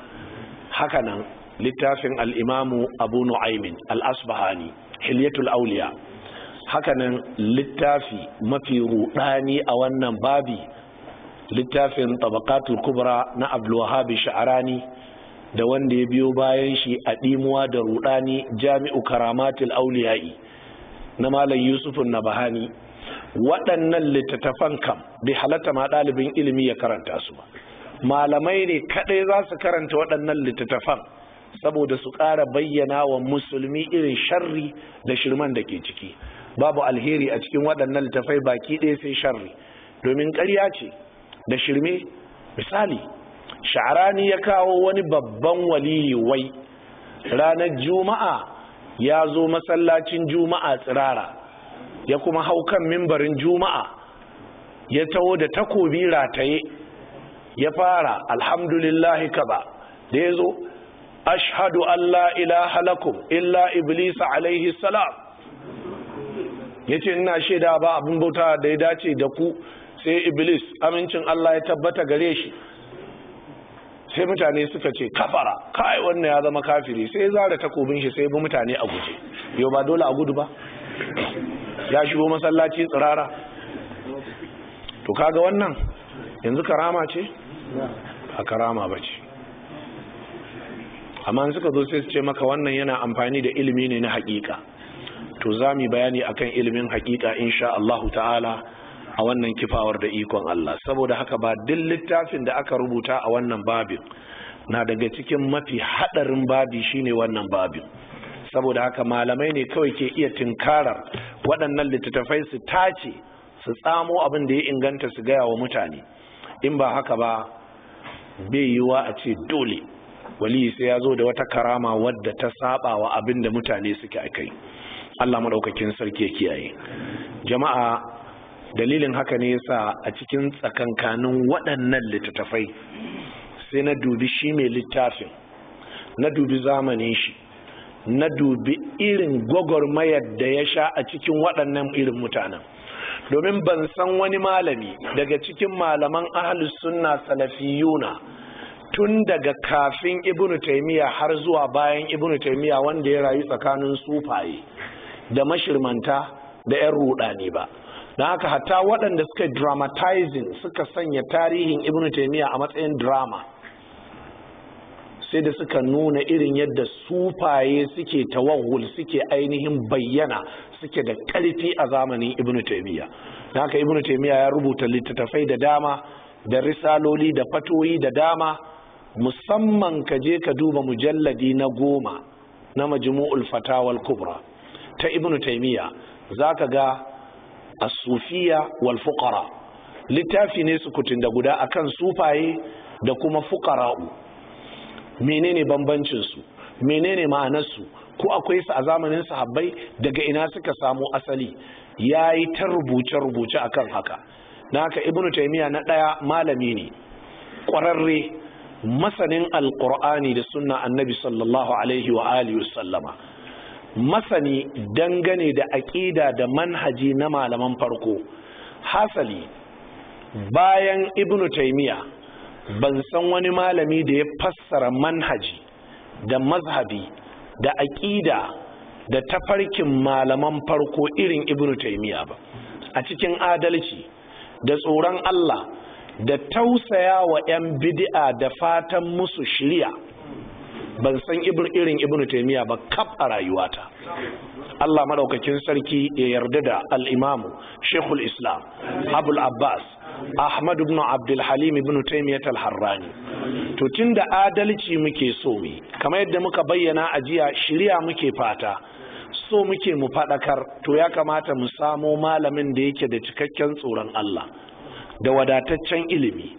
[SPEAKER 1] haka nan littafin al-imamu Abu Nu'aymin al-Asbahani Hilyatul Awliya haka nan littafi mafi rudani a wannan babi littafin tabaqatul kubra na Abdul Wahhab Sha'rani da wanda ya biyo bayan shi a ɗimuwa da rudani Jami'u Karamatul Awliya'i na Malam Yusufun Nabahani waɗannan littattafan kam bai halatta ma ɗalibin ilimi ya karanta su ba malamai ne kaɗai za su karanta waɗannan littattafan saboda su ƙara bayyana wa musulmi irin sharri da shirman da ke ciki babu alheri a cikin waɗannan littattafai baki ɗaya sai sharri domin ƙarya ce da shirme misali sha'arani ya kawo wani babban waliyi wai ranar juma'a ya zo masallacin juma'a tsirara ya kuma hau kan mimbarin juma'a ya taho da takobi rataye ya fara alhamdulillahi kaba da ya zo ashadu Allah ila ilaha illa Iblis alaihi salam ya ce ina shaida ba abin bauta da ya dace da ku sai iblis amincin allah ya tabbata gare shi sai mutane suka ce kafara kai wannan ya zama kafiri sai zara takobin shi sai bi mutane a guje yau ba dole a gudu ba ya shigo masallaci tsirara to kaga wannan yanzu karama ce a karama ba ce amma suka zo sai su ce maka wannan yana amfani da ilimi ne na hakika to za mu bayani akan ilimin hakika insha Allah ta'ala a wannan kifawar da ikon Allah saboda haka ba duk littafin da aka rubuta a wannan babin na daga cikin mafi hadarin babi shine wannan babin saboda haka malamai ne kawai ke iya tinkarar waɗannan littattafai su tace su tsamo abin da ya inganta su gaya wa mutane in ba haka ba bai wa a ce dole wali sai ya zo da wata karama wadda ta saba wa abin da mutane suke a kai Allah maɗaukakin sarki ya kiyaye jama'a dalilin haka ne yasa a cikin tsakankanin waɗannan littattafai sai na dubi shi mai littafin na dubi zamanin shi na dubi irin gwagwarmayar da ya sha a cikin waɗannan irin mutanen domin ban san wani malami daga cikin malaman suna sunna salafiyuna tun daga kafin ibnu taimiyya har zuwa bayan ibnu taimiyya wanda ya rayu tsakanin sufaye da mashirmanta da 'yan rudani ba don haka hatta waɗanda suka dramatizing suka sanya tarihin ibnu taimiyya a matsayin drama sai da suka nuna irin yadda sufaye suke tawawul suke ainihin bayyana suke da ƙarfi a zamanin ibn taymiya da haka ibn taymiya ya rubuta littattafai da dama da risaloli da fatoyi da dama musamman ka je ka duba mujalladi na goma na majmu'ul fatawal kubra ta ibn taymiya zaka ga as-sufiya wal fuqara littafi ne su sukutun da guda akan sufaye da kuma fukara'u. menene bambancin su menene ma'anar su ko akwai su a zamanin sahabbai daga ina suka samu asali yayi ta rubuce rubuce a kan haka na haka ibnu taymiya na ɗaya? malami ne ƙwararre. masanin alqur'ani da sunna annabi sallallahu alaihi wa alihi wasallama masani dangane da aƙida da manhaji na malaman farko hasali bayan ibnu taimiya ban san wani malami da ya fassara manhaji da mazhabi da aƙida da tafarkin malaman farko irin ibnu taimiya ba a cikin adalci da tsoron Allah da tausaya wa 'yan bid'a da fatan musu shirya ban san irin ibnu taimiya ba kaf a rayuwata Allah madaukakin sarki ya yarda da al-imamu islam abul abbas Ahmad ibn Abdulhalim Halim ibn Taymiyyah al-Harrani to tunda adalci muke so mu kamar yadda muka bayyana a jiya shirya muke fata so muke mu faɗakar to ya kamata mu samo malamin da yake da cikakken tsoron Allah da wadataccen ilimi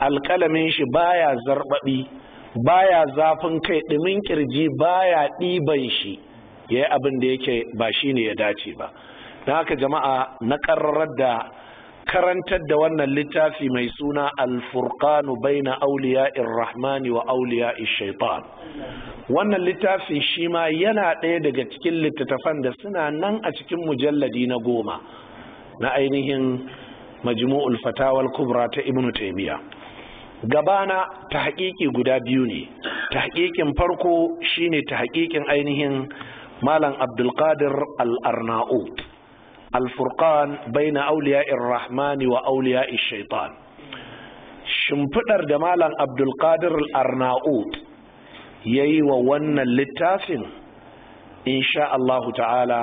[SPEAKER 1] alƙalamin shi baya zarbabi baya zafin kai ɗumin kirji baya ɗiban shi yayi yi abin da yake ba shine ya dace ba don haka jama'a na ƙarrar da karantar da wannan littafi mai suna alfurkanu baina in rahmani wa in shaitan wannan littafi shi ma yana ɗaya daga cikin littattafan da suna nan a cikin mujalladi na goma na ainihin majmu'ul fatawal kubra ta ibnu taimiyya gabana ta haƙiƙi guda biyu ne ta haƙiƙin farko shine ta haƙiƙin ainihin malam abdulkadir al-arnaut alfurqan baina auliya irrahmani wa auliya shaitan shimfidar da malam abdulkadir Arnaud ya yi yayi wa wannan littafin insha ta'ala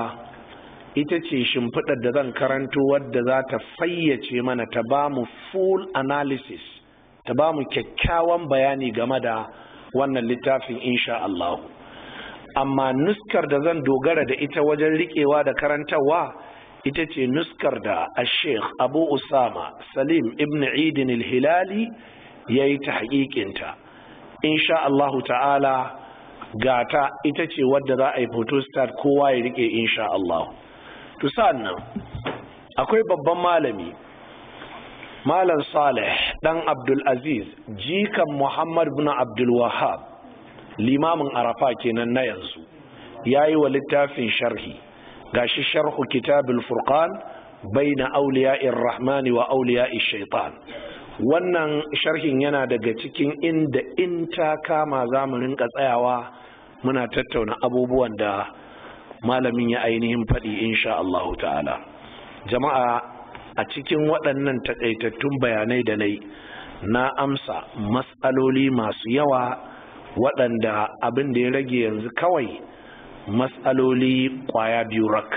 [SPEAKER 1] ita ce shimfidar da zan karanto wadda za ta fayyace mana ta ba mu full analysis ta ba mu kyakkyawan bayani game da wannan littafin insha amma nuskar da zan dogara da ita wajen riƙewa da karantarwa ita ce nuskar da ashekh abu usama salim ibn idin hilali ya yi ta haƙiƙinta insha allahu ta'ala gata ita ce wadda za a yi photostat kowa ya rike insha allahu to akwai babban malami malam saleh dan abdulaziz jikan muhammad bin abdulwahab limamin arafa kenan na yanzu ya yi wa littafin sharhi gashi sharhu kitabul furqan baina awliya'ir rahmani wa awliya'ish shaitan wannan sharhin yana daga cikin inda in ta kama zamu rinka tsayawa muna tattauna abubuwan da malamin ya ainihin faɗi insha Allah ta'ala jama'a a cikin waɗannan takaitattun bayanai da nai na amsa matsaloli masu yawa waɗanda abin da ya rage yanzu kawai matsaloli kwaya biyu rak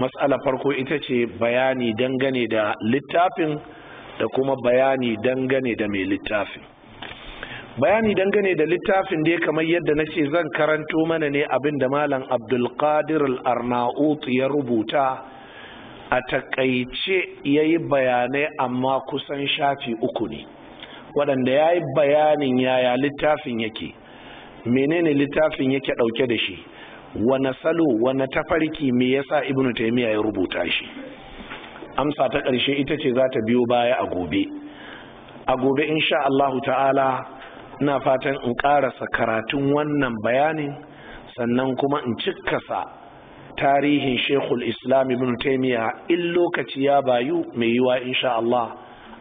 [SPEAKER 1] matsala farko ita ce bayani dangane da littafin da kuma bayani dangane da mai littafin bayani dangane da littafin dai kamar yadda na ce zan karanto mana ne abin da malam abdulkadir al'arnaut ya rubuta a takaice ya yi bayanai amma kusan shafi uku ne waɗanda ya yi bayanin yaya littafin yake menene littafin yake ɗauke da shi Wani salo wani tafarki me yasa ibnu taymiya ya rubuta shi amsa ta ƙarshe ita ce za ta biyo baya a gobe a gobe insha Allah ta'ala ina fatan in ƙarasa karatun wannan bayanin sannan kuma in cikkasa tarihin shekul islam ibn taimiya in lokaci ya bayu mai yiwa insha Allah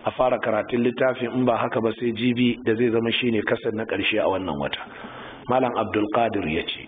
[SPEAKER 1] a fara karatun littafin in ba haka ba sai jibi da zai zama shine kasar na ƙarshe a wannan wata malam abdulkadir ya ce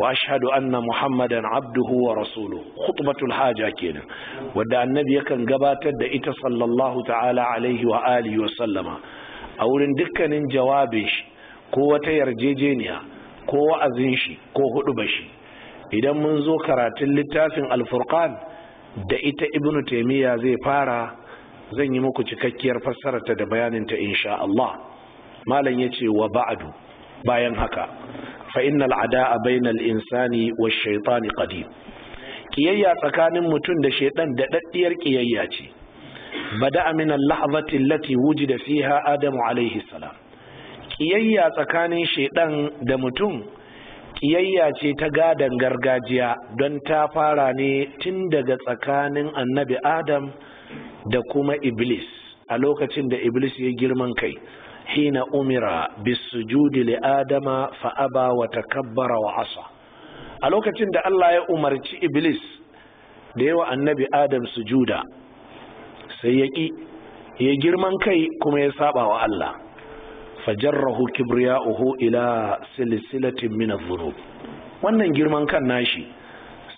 [SPEAKER 1] واشهد ان محمدا عبده ورسوله خطبه الحاجه kenan wanda annabi yakan gabatar da ita sallallahu ta'ala alaihi wa sallama a wurin dukkanin jawabin shi ko wata yarjejeniya ko wa'azin shi ko huduba shi idan mun zo karatun littafin alfurkan da ita ibnu taymiya zai fara zan yi muku cikakkiyar fassararta da bayaninta insha Allah malam yace wa ba'adu. bayan haka fa innal ada'a bainal insani wash shaitani qadim kiyayya tsakanin mutum da shaitan da daddiyar kiyayya ce bada'a min al-lahzati allati wujida fiha adamu alayhi salam kiyayya tsakanin shaitan da mutum kiyayya ce ta gadan gargajiya don ta fara ne tun daga tsakanin annabi adam da kuma iblis a lokacin da iblis ya girman kai hina umira bisujudi li adama fa aba wa takabbara wa asa a lokacin da Allah ya umarci iblis da yawa annabi adam sujuda sai ya ki ya girman kai kuma ya saba wa Allah fajarrahu kibriya'uhu ila silsilatin min adh-dhunub wannan girman kan nashi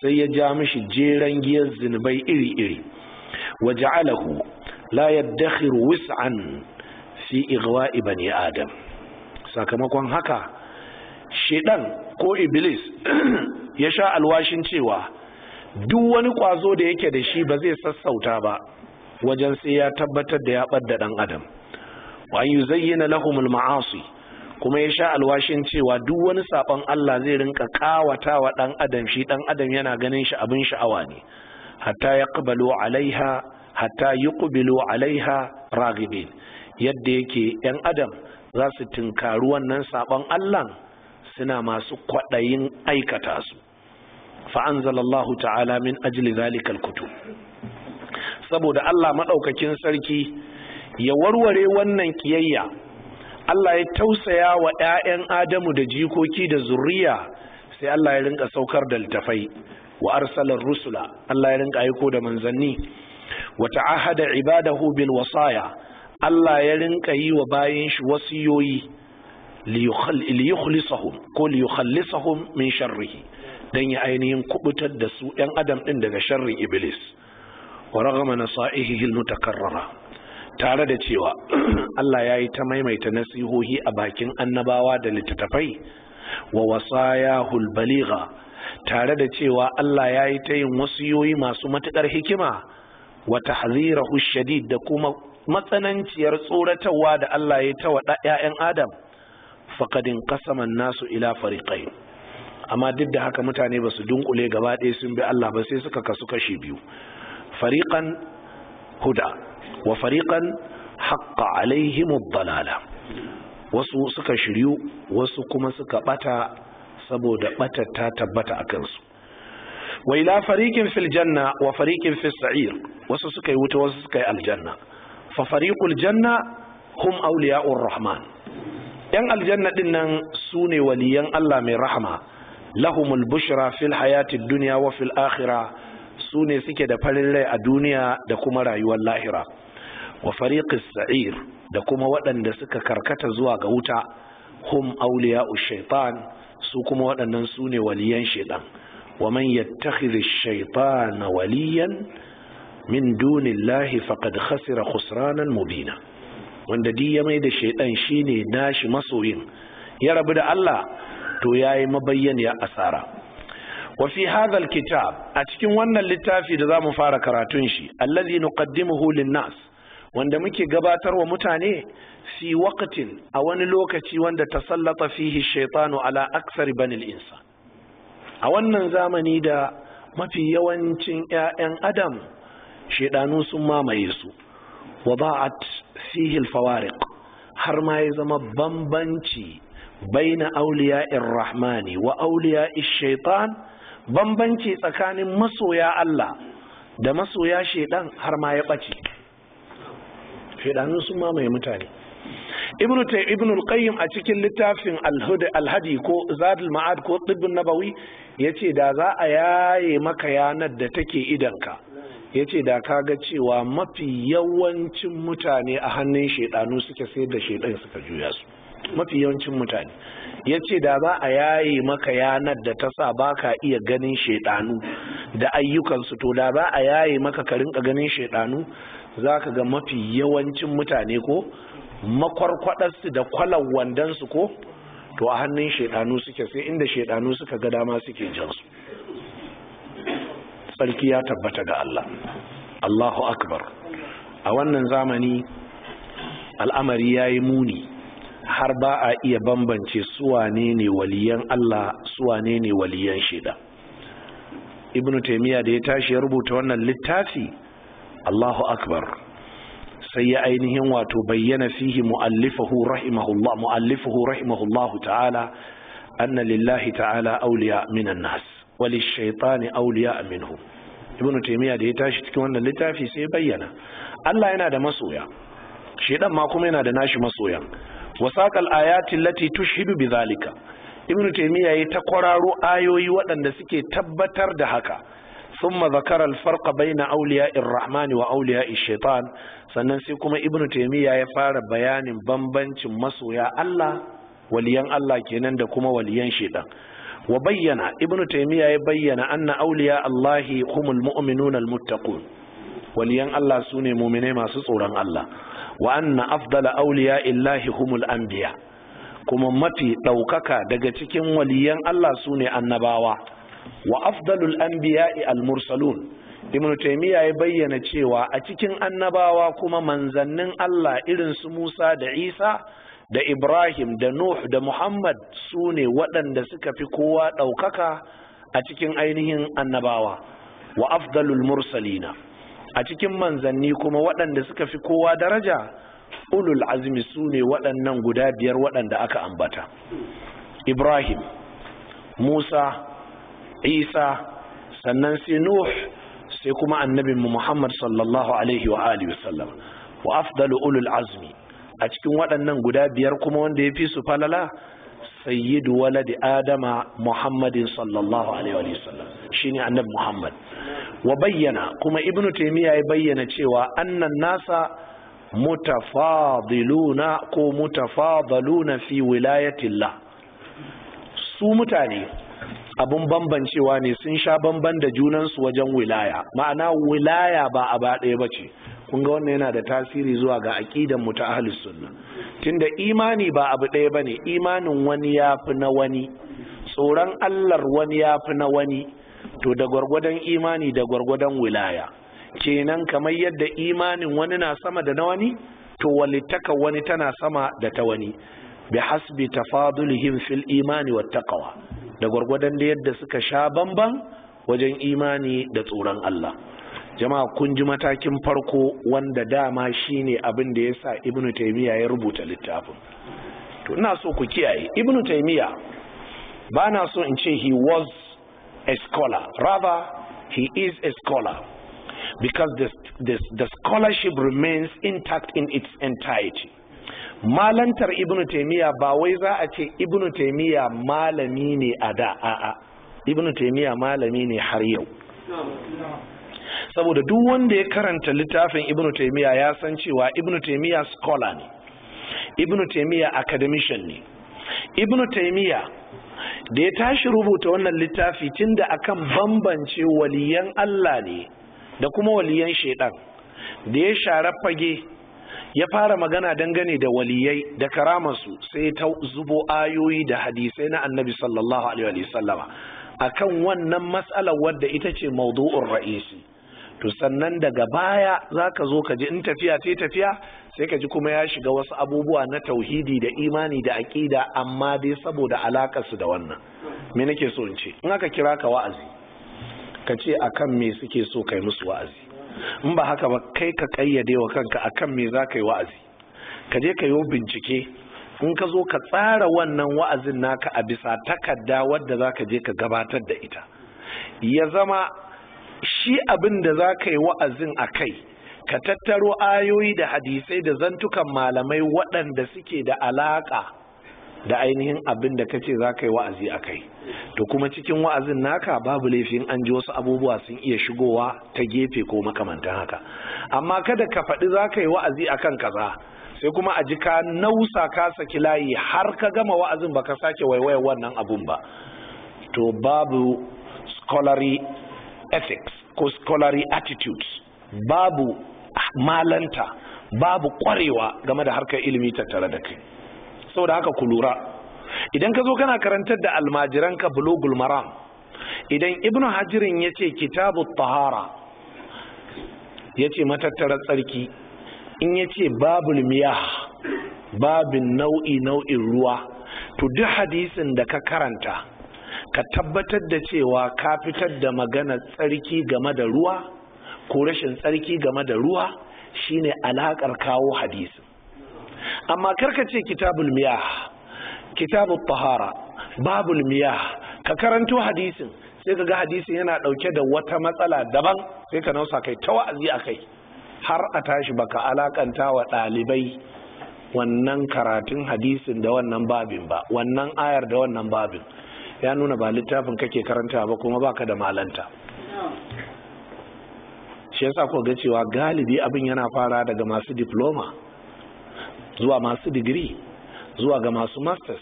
[SPEAKER 1] sai ya ja mishi jeran giyar zinubai iri-iri waja'alahu la yaddakhiru wis'an fi igwa ibani adam sakamakon haka shedan ko iblis ya sha alwashin cewa duk wani kwazo da yake da shi ba zai sassauta ba wajen sai ya tabbatar da ya ɓadda ɗan adam wa yi zayyana lahumul ma'asi kuma ya sha alwashin cewa duk wani saɓon Allah zai rinka ƙawata wa ɗan adam shi ɗan adam yana ganin shi abin sha'awa ne hatta ya alaiha hatta yi alaiha ragibin yadda yake 'yan adam za su tunkari wannan sabon Allah suna masu kwaɗayin aikata su fa'anzalallahu ta'ala min ajili zalikal kutu saboda Allah maɗaukakin sarki ya warware wannan kiyayya Allah ya tausaya wa 'ya'yan Adamu da jikoki da zuriya sai Allah ya rinka saukar da littafai wa arsalar rusula Allah ya rinka aiko da manzanni wata ahada ibadahu hubin wasaya Allah ya rinka yi wa bayan shi wasiyoyi liyukhlisahum ko liyukhallisahum min sharrihi dan ya ainihin kubutar da su ɗan adam ɗin daga sharrin iblis wa raghama nasaihihi almutakarrara tare da cewa Allah ya yi ta maimaita nasihohi a bakin annabawa da littattafai wa wasayahul baligha tare da cewa Allah ya yi ta yin wasiyoyi masu matuƙar hikima wa tahzirahu shadid da kuma matsananciyar tsoratarwa da Allah ya tawa ‘ya'yan Adam, faƙadin ƙasaman nasu ila fariƙai. Amma duk da haka mutane ba su dunkule gaba ɗaya sun bi Allah ba sai suka kasu kashi biyu. Fariƙan huda, wa fariƙan haƙƙa alaihimu dalala. Wasu suka shiryu, wasu kuma suka ɓata saboda ɓata ta tabbata a kansu. wa ila fariƙin fil janna wa fariƙin fil sa'ir wasu suka yi wuta wasu suka yi aljanna fa janna hum awliya'ur rahma. yan aljanna din nan sune waliyan Allah mai rahama lahumul bushra fil hayati duniya wa fil akhirah sune suke da farin rai a duniya da kuma rayuwar lahira wa fariqis sa'ir da kuma waɗanda suka karkata zuwa ga wuta hum awliya'u shaitan su kuma waɗannan sune waliyan shaitan wa man yattakhidhi ash-shaytana waliyan min dunillahi faqad khasira khusranan mubina wanda di ya mai da shaidan shine nashi masoyin ya rabu da Allah to yayi mabayyaniyar asara wa fi kitab a cikin wannan littafi da zamu fara karatun shi allazi nuqaddimuhu lin-nas wanda muke wa mutane fi waqtin a wani lokaci wanda tasallata fihi shaytanu ala aksari banil insa a wannan zamani da mafi yawancin 'ya'yan adam shedanu sun mamaye su wada'at fihi alfawariq har ma ya zama bambanci baina auliya'ir rahmani wa ash shaitan bambanci tsakanin masoya Allah da masoya shedan har ma ya bace shedanu sun mamaye mutane ibnu tay ibnu al-qayyim a cikin littafin al-hadi ko zadul ma'ad ko tibbun nabawi yace da za a yaye maka yanar da take idanka ya ce da ka ga cewa mafi yawancin mutane a hannun shaidanu suke sai da shaidan suka juya su mafi yawancin mutane ya ce da za a yaye maka yanar da ta sa ba ka iya ganin shaidanu da ayyukansu to da za a yaye maka ka rinka ganin shaidanu za ka ga mafi yawancin mutane ko makwarkwadarsu da kwalan wandansu ko to a hannun shaidanu suke sai inda shaidanu suka ga dama suke jansu tsarki ya tabbata ga Allah Allahu akbar a wannan zamani al'amari ya yi muni har ba a iya bambance suwane ne waliyan Allah suwane ne waliyan shida ibn taimiyya da ya tashi ya rubuta wannan littafi Allahu akbar sai ya ainihin wato bayyana fihi mu'allifahu rahimahullah mu'allifahu rahimahullahu ta'ala anna lillahi ta'ala awliya minan nas wali shaitani auliya aminhu ibn taymiya da ya tashi cikin wannan littafi sai bayyana Allah yana da masoya shaitan ma kuma yana da nashi masoya wasaqal ayati allati tushhidu bidhalika ibn taymiya ya ta kwararo ayoyi waɗanda suke tabbatar da haka sun ثم ذكر الفرق بين أولياء الرحمن وأولياء الشيطان sannan sai kuma ibnu taymiya ya fara bayanin bambancin masoya Allah waliyan Allah kenan da kuma waliyan shaiɗan. wa bayyana ibnu taymiya ya bayyana anna auliya allahi humul mu'minuna almuttaqun waliyan allah sune mu'mine masu tsoron allah wa anna afdala auliya illahi humul anbiya kuma mafi ɗaukaka daga cikin waliyan allah sune annabawa wa afdalul anbiya'i almursalun ibnu taymiya ya bayyana cewa a cikin annabawa kuma manzannin allah irin su musa da isa da Ibrahim da Nuh da Muhammad su ne waɗanda suka fi kowa ɗaukaka a cikin ainihin annabawa wa afdalul mursalina a cikin manzanni kuma waɗanda suka fi kowa daraja ulul azmi su ne waɗannan guda biyar waɗanda aka ambata Ibrahim Musa Isa sannan sai Nuh sai kuma annabinmu Muhammad sallallahu alaihi wa alihi wa afdalu ulul azmi a cikin waɗannan guda biyar kuma wanda ya fi su falala sayyidu waladi adama muhammadin sallallahu alaihi wasallam shine annabi muhammad wa bayyana kuma ibnu taymiya ya bayyana cewa annan nasa mutafadiluna ko mutafadaluna fi wilayatillah su mutane abun bambancewa ne sun sha bamban da junansu wajen wilaya ma'ana wilaya ba a ba ɗaya ba ce kun ga wannan yana da tasiri zuwa ga aqidan mu ta ahlus sunna tunda imani ba abu ɗaya bane imanin wani yafi na wani tsoron Allah wani yafi na wani to da gwargwadon imani da gwargwadon wilaya kenan kamar yadda imanin wani na sama da na wani to walittaka wani tana sama da ta wani bi hasbi tafadulihim fil imani wat taqwa da gwargwadon da yadda suka sha bamban wajen imani da tsoron Allah jama'a kun ji matakin farko wanda dama shine abin da ya sa ibnu taymiya ya rubuta littafin to ina so ku kiyaye ibnu taymiya ba na so in ce he was a scholar rather he is a scholar because the, the, the scholarship remains intact in its entirety malantar ibnu taymiya ba wai za a ce ibnu taymiya malami ne a da a'a ibnu taymiya malami ne har yau saboda duk wanda ya karanta littafin ibn taymiya ya san cewa ibn taymiya scholar ne ibn taymiya academician ne ibn taymiya da ya tashi rubuta wannan littafi tunda akan bambance waliyan Allah ne da kuma waliyan shaidan da ya share fage ya fara magana dangane da waliyai da karamansu sai ta zubo ayoyi da hadisai na annabi sallallahu alaihi sallama akan wannan matsalar wadda ita ce maudu'un ra'isi to sannan daga baya za ka zo ka ji in tafiya ce tafiya sai ka ji kuma ya shiga wasu abubuwa na tauhidi da imani da aƙida amma dai saboda alaƙarsu da wannan me nake so in ce in aka kira ka wa'azi ka ce akan me suke so kai musu wa'azi in ba haka ba kai ka kayyade wa kanka akan me za ka yi wa'azi ka je ka yi bincike in ka zo ka tsara wannan wa'azin naka a bisa takarda wadda za ka je ka gabatar da ita ya zama shi abin da za ka yi wa'azin a kai ka tattaro ayoyi da hadisai da zantukan malamai waɗanda suke da alaƙa da ainihin abin da ce za ka yi wa'azi a kai to kuma cikin wa'azin naka babu laifin an ji wasu abubuwa sun iya shigowa ta gefe ko makamantan haka amma kada ka faɗi za ka yi wa'azi a kan kaza sai kuma a ji ka nausa ka saki layi har ka gama wa'azin ba baka sake waiwayar wannan abun ba to babu scholarly ethics ko scholarly attitudes babu malanta babu kwarewa game da harkar ilimi tattare da kai saboda haka ku lura idan ka zo kana karantar da almajiranka bulugul maram idan ibnu hajirin ya ce kitabu tahara ya ce matattarar tsarki in ya ce babul miyah babin nau'i nau'in ruwa to duk hadisin da ka karanta ka tabbatar da cewa ka fitar da magana tsarki game da ruwa ko rashin tsarki game da ruwa shine alaƙar kawo hadisi amma karka ce kitabul miyah kitabul tahara babul miya ka karanto hadisin sai ka ga hadisin yana dauke da wata matsala daban sai ka nausa kai ta wa'azi a kai har a tashi baka alakanta wa ɗalibai wannan karatun hadisin da wannan babin ba wannan ayar da wannan babin ya nuna ba littafin kake karanta ba kuma baka da malanta shi yasa ko ga cewa galibi abin yana fara daga masu diploma zuwa masu digiri zuwa ga masu masters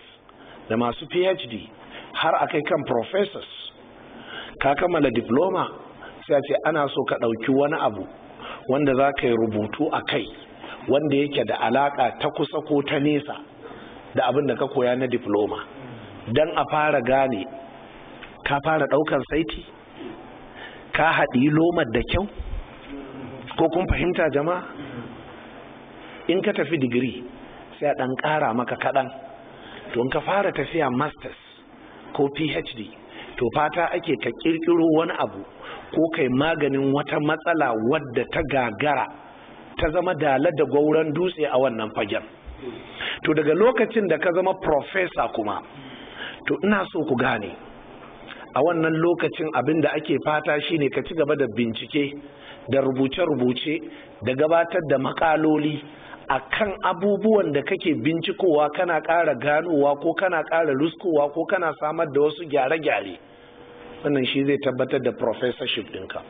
[SPEAKER 1] da masu phd har akai kan professors ka kammala diploma sai a ce ana so ka ɗauki wani abu wanda za ka yi rubutu a kai wanda yake da alaƙa ta kusa ko ta nesa da abin da ka koya na diploma don a fara gane ka fara ɗaukan saiti ka haɗi lomar da kyau ko kun fahimta jama'a in ka tafi digiri sai a ɗan ƙara maka kaɗan to in ka fara tafiya masters ko phd to fata ake ka ƙirƙiro wani abu ko kai maganin wata matsala wadda ta gagara ta zama dala da gwauron dutse a wannan fagen to daga lokacin da ka zama profesa kuma to ina so ku gane a wannan lokacin abin da ake fata shine ka ci gaba da bincike da rubuce-rubuce da gabatar da makaloli a kan abubuwan da kake bincikowa kana ƙara ganowa ko kana ƙara ruskowa ko kana samar da wasu gyare-gyare wannan shi zai tabbatar da professorship ɗinka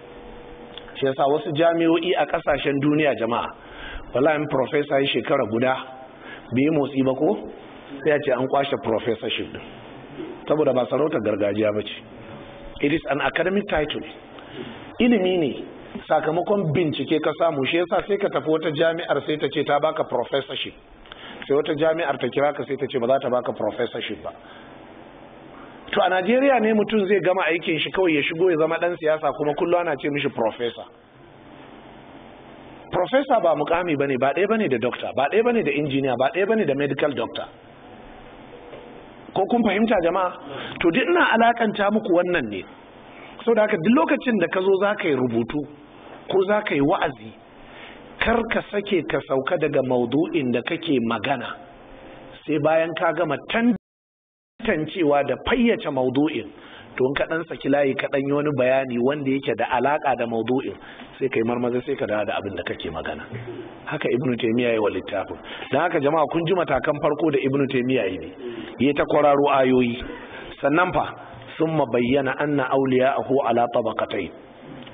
[SPEAKER 1] shi yasa wasu jami'o'i a ƙasashen duniya jama'a wallahi professor shekara guda bai motsi ba ko sai a ce an kwashe professorship ɗin saboda ba sarautar gargajiya ba ce it is an academic title ilimi ne sakamakon bincike ka samu shi yasa sai ka tafi wata jami'ar sai ta ce ta baka professorship sai wata jami'ar ta kira ka sai ta ce ba za ta baka professorship ba to a Najeriya ne mutum zai gama aikin shi kawai ya shigo ya zama dan siyasa kuma kullum ana ce mishi professor professor ba mukami bane ba ɗaya bane da doctor ba ɗaya bane da engineer ba ɗaya bane da medical doctor ko kun fahimta jama'a to duk ina alakanta muku wannan ne saboda haka duk lokacin da ka zo za ka yi rubutu ko za ka yi wa'azi kar ka sake ka sauka daga maudu'in da kake magana sai bayan ka gama tantancewa da fayyace maudu'in to in ka saki layi kaɗan dan yi wani bayani wanda yake da alaƙa da maudu'in sai kai marmaza sai ka dawo da abin da kake magana haka ibnu taymiya yayi wa littafin dan haka jama'a kun ji matakan farko da ibnu taymiya yayi ne yayi ta kwararo ayoyi sannan fa summa bayyana anna awliya'ahu ala tabaqatayn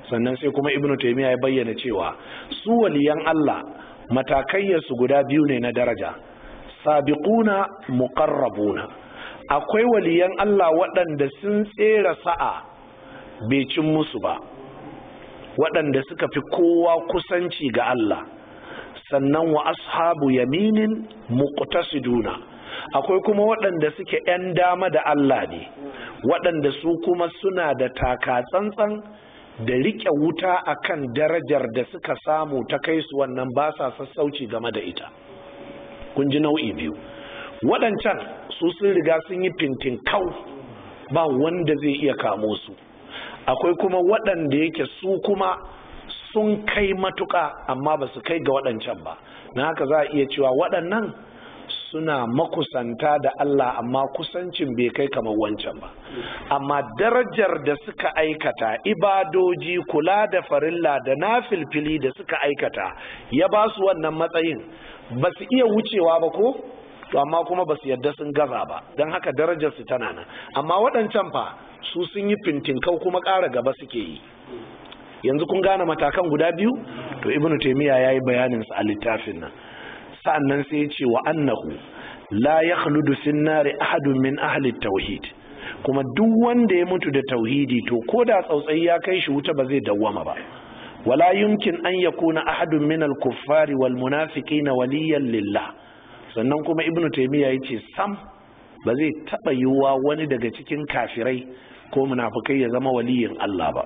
[SPEAKER 1] sannan sai kuma ibnu taymiya ya bayyana cewa su waliyan Allah matakayyarsu guda biyu ne na daraja sabiquna muqarrabuna akwai waliyan Allah waɗanda sun tsera sa'a bai musu ba waɗanda suka fi kowa kusanci ga Allah sannan wa ashabu yaminin muqtasiduna akwai kuma waɗanda suke 'yan dama da Allah ne waɗanda su kuma suna da taka tsantsan da riƙe wuta akan darajar da suka samu ta kai su wannan ba sa sassauci game da ita kun ji nau'i biyu waɗancan su sun riga sun yi fintin kau ba wanda zai iya kamo su akwai kuma waɗanda yake su kuma sun kai matuƙa amma ba su kai ga waɗancan ba na haka za a iya cewa waɗannan suna makusanta da Allah amma kusancin bai kai kamar wancan ba amma darajar da suka aikata ibadoji kula da farilla da nafilfili da suka aikata ya ba su wannan matsayin ba su iya wucewa ba ko to amma kuma ba su yadda sun gaza ba don haka darajar su tana nan amma waɗancan fa su sun yi fintin fintinkau kuma ƙara gaba suke yi yanzu kun gane matakan guda biyu to ibnu ya yi bayanin su a littafin nan Sa'an nan sai ya ce wa annahu la ya fin nari ahadun min ahli tauhid kuma duk wanda ya mutu da tauhidi to ko da tsautsayi ya kai shi wuta ba zai dawwama ba wala yumkin an yakuna ahadun min al-kuffari wal munafiqina waliyan lillah sannan kuma ibnu ya ce sam ba zai taɓa yiwuwa wani daga cikin kafirai ko munafukai ya zama waliyin Allah ba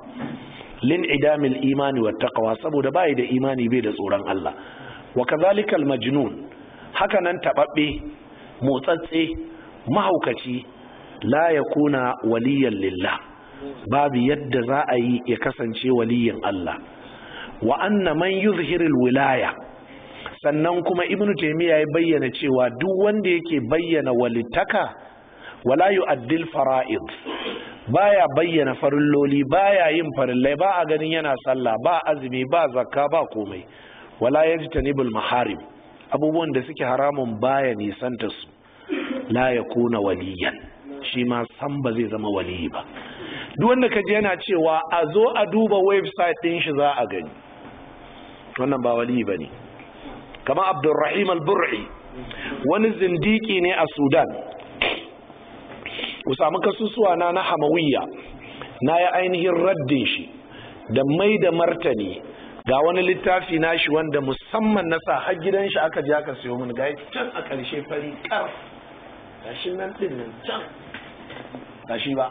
[SPEAKER 1] lin idamil imani wa taqwa saboda bai da imani bai da tsoron Allah wa kadhalika al majnun haka nan tababbe motsatse mahaukaci la yakuna waliyan lillah babu yadda za a yi ya kasance waliyin Allah wa anna man yuzhirul wilaya sannan kuma ibnu taymiya ya bayyana cewa duk wanda yake bayyana walittaka wala yu'addil fara'id baya bayyana farilloli baya yin farillai ba a ganin yana sallah ba azumi ba zakka ba komai wala yajtanibul maharim abubuwan da suke haramun baya nisanta su la yakuna waliyan shi ma san ba zai zama waliyi ba duk wanda kaje yana cewa a zo a duba website din shi za a gani wannan ba wali bane kama Abdulrahim al burri wani zindiki ne a sudan ku samu kasusuwa na na hamawiyya na ya ainihin raddin shi da mai da martani ga wani littafi na shi wanda musamman na sa har gidan shi aka ji aka siyo mun gai can a ƙarshe fari ƙar gashi nan ɗin nan can gashi ba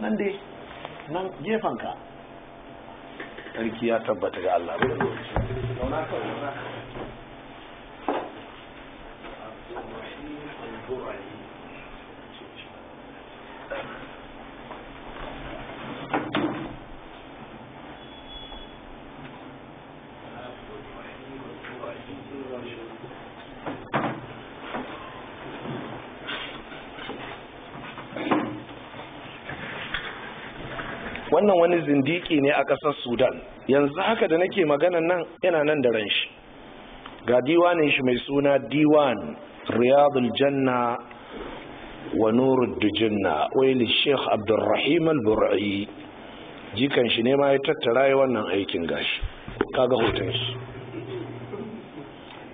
[SPEAKER 1] nan dai nan gefen ka. sarki ya tabbata ga Allah wannan wani zindiki ne a ƙasar sudan yanzu haka da nake maganan nan yana nan da ranshi. shi ga diwanin shi mai suna diwan riyadul janna wa nurud dujinna waili sheikh abdurrahim al jikan shi ne ma ya tattara yi wannan aikin gashi kaga hoton shi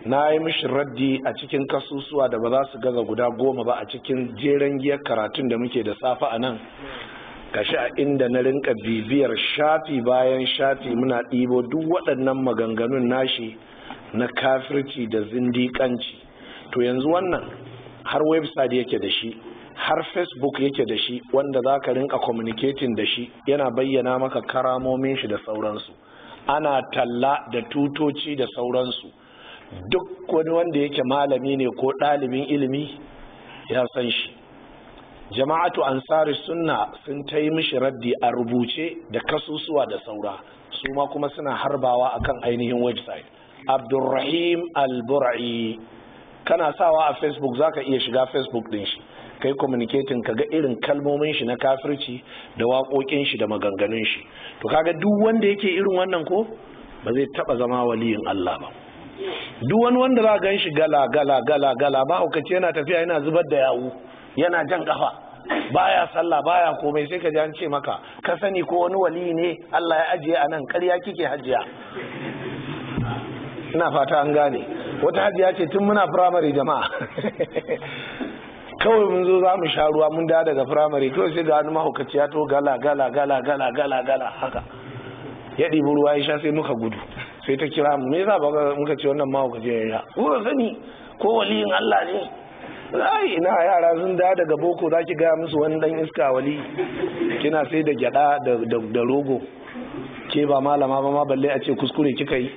[SPEAKER 1] na yi mishi raddi a cikin kasusuwa da ba za su gaza guda goma ba a cikin jeren giyar karatun da muke da safa a nan kashi a inda na rinka bibiyar shafi bayan shafi muna ɗibo duk waɗannan maganganun nashi na kafirci da zindiƙanci to yanzu wannan har website yake da shi har facebook yake da shi wanda za ka rinka communicating da shi yana bayyana maka karamomin shi da sauransu ana talla da tutoci da sauransu duk wani wanda yake malami ne ko ɗalibin ilimi ya san shi jama'atu ansari sunna sun ta yi mishi raddi a rubuce da kasusuwa da saura su ma kuma suna harbawa akan ainihin website abdulrahim al-bura'i kana sawa a facebook zaka iya shiga facebook din shi kai communicating ga irin kalmomin shi na kafirci da waƙoƙin shi da maganganun shi to kaga duk wanda yake irin wannan ko ba zai taba zama waliyin Allah ba duk wani wanda za gan shi gala gala gala gala ba aukace yana tafiya yana zubar da yawu yana jan kafa baya sallah baya komai sai ka ji an ce maka ka sani ko wani wali ne Allah ya ajiye a nan ƙarya kike hajiya ina fata an gane wata ya ce tun muna firamare jama'a kawai mun zo za mu sha ruwa mun da daga firamare kawai sai ga wani mahaukaci ya to gala gala gala gala gala gala haka ya ɗibi ruwa ya sha sai muka gudu sai ta kira mu me yasa ba muka ce wannan mahaukaci ya sha ko sani ko waliyin Allah ne ai ina yara sun da daga boko zaki gaya musu wani dan iska wali kina sai da gyada da rogo ke ba malama ba ma balle a ce kuskure kika yi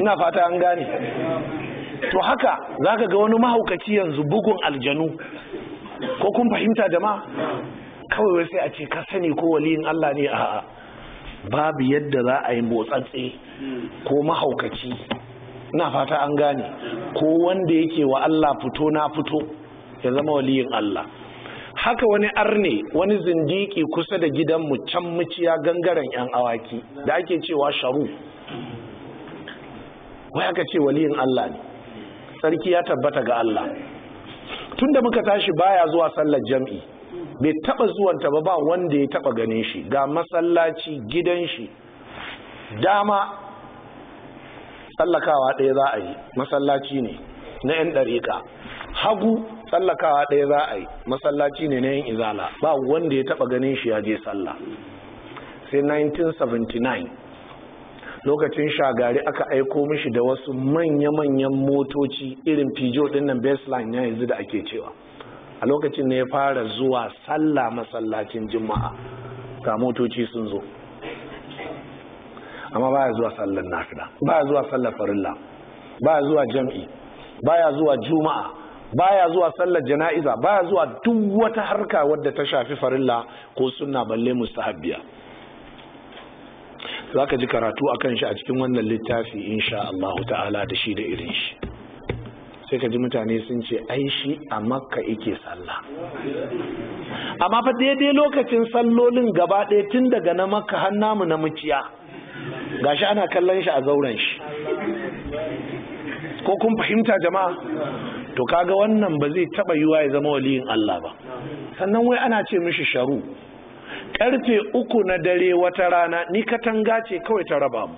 [SPEAKER 1] ina fata an gane to haka zaka ga wani mahaukaci yanzu bugun aljanu ko kun fahimta jama'a kawai wai sai a ce ka sani ko waliyin Allah ne a'a babu yadda za a yi motsatse ko mahaukaci Ina fata an gane ko wanda yake wa Allah fito na fito ya zama waliyin Allah haka wani arne wani zindiki kusa da gidanmu can muciya gangaren 'yan awaki da ake cewa sharu wai aka ce waliyin Allah ne sarki ya tabbata ga Allah tunda muka tashi baya zuwa sallar jam'i bai taba zuwanta ba ba wanda ya taba ganin shi ga masallaci gidan shi dama tsallakawa ɗaya za a yi masallaci ne na 'yan ɗariƙa hagu tsallakawa ɗaya za a yi masallaci ne na 'yan izala ba wanda ya taba ganin shi ya je sallah sai 1979 lokacin shagari aka aiko mishi da wasu manya-manyan motoci irin pijo din nan baseline ya yanzu da ake cewa a lokacin ne ya fara zuwa sallah masallacin juma'a ga motoci sun zo amma baya zuwa sallar nafila baya zuwa sallar farilla baya zuwa jam'i baya zuwa juma'a baya zuwa sallar jana'iza baya zuwa duk wata harka wadda ta shafi farilla ko sunna balle mustahabbiya za ka ji karatu a kan shi a cikin wannan littafi insha Allah ta'ala da shi da irin shi sai ka ji mutane sun ce ai shi a makka ike sallah amma fa daidai lokacin sallolin gaba ɗaya tun daga na makka har namu na muciya gashi ana kallon shi a zauren shi ko kun fahimta jama'a to kaga wannan ba zai taba yiwa ya zama waliyin Allah ba sannan wai ana ce mishi sharu karfe uku na dare wata rana ni katanga ce kawai ta raba mu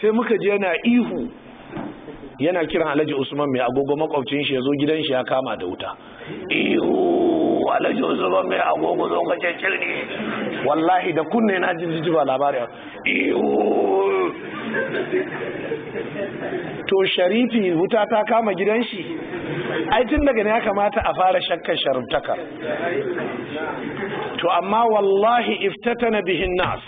[SPEAKER 1] sai muka je yana ihu yana kiran alhaji usman mai agogo makwabcin shi ya zo gidan shi ya kama da wuta ihu alhaji usman mai agogo zo ka cancel ne wallahi da kunne na jijjiba ba labari ihu to sharifi wuta ta kama gidan shi ai tun daga ne ya kamata a fara shakkan sharuftaka to amma wallahi iftatana bihin nas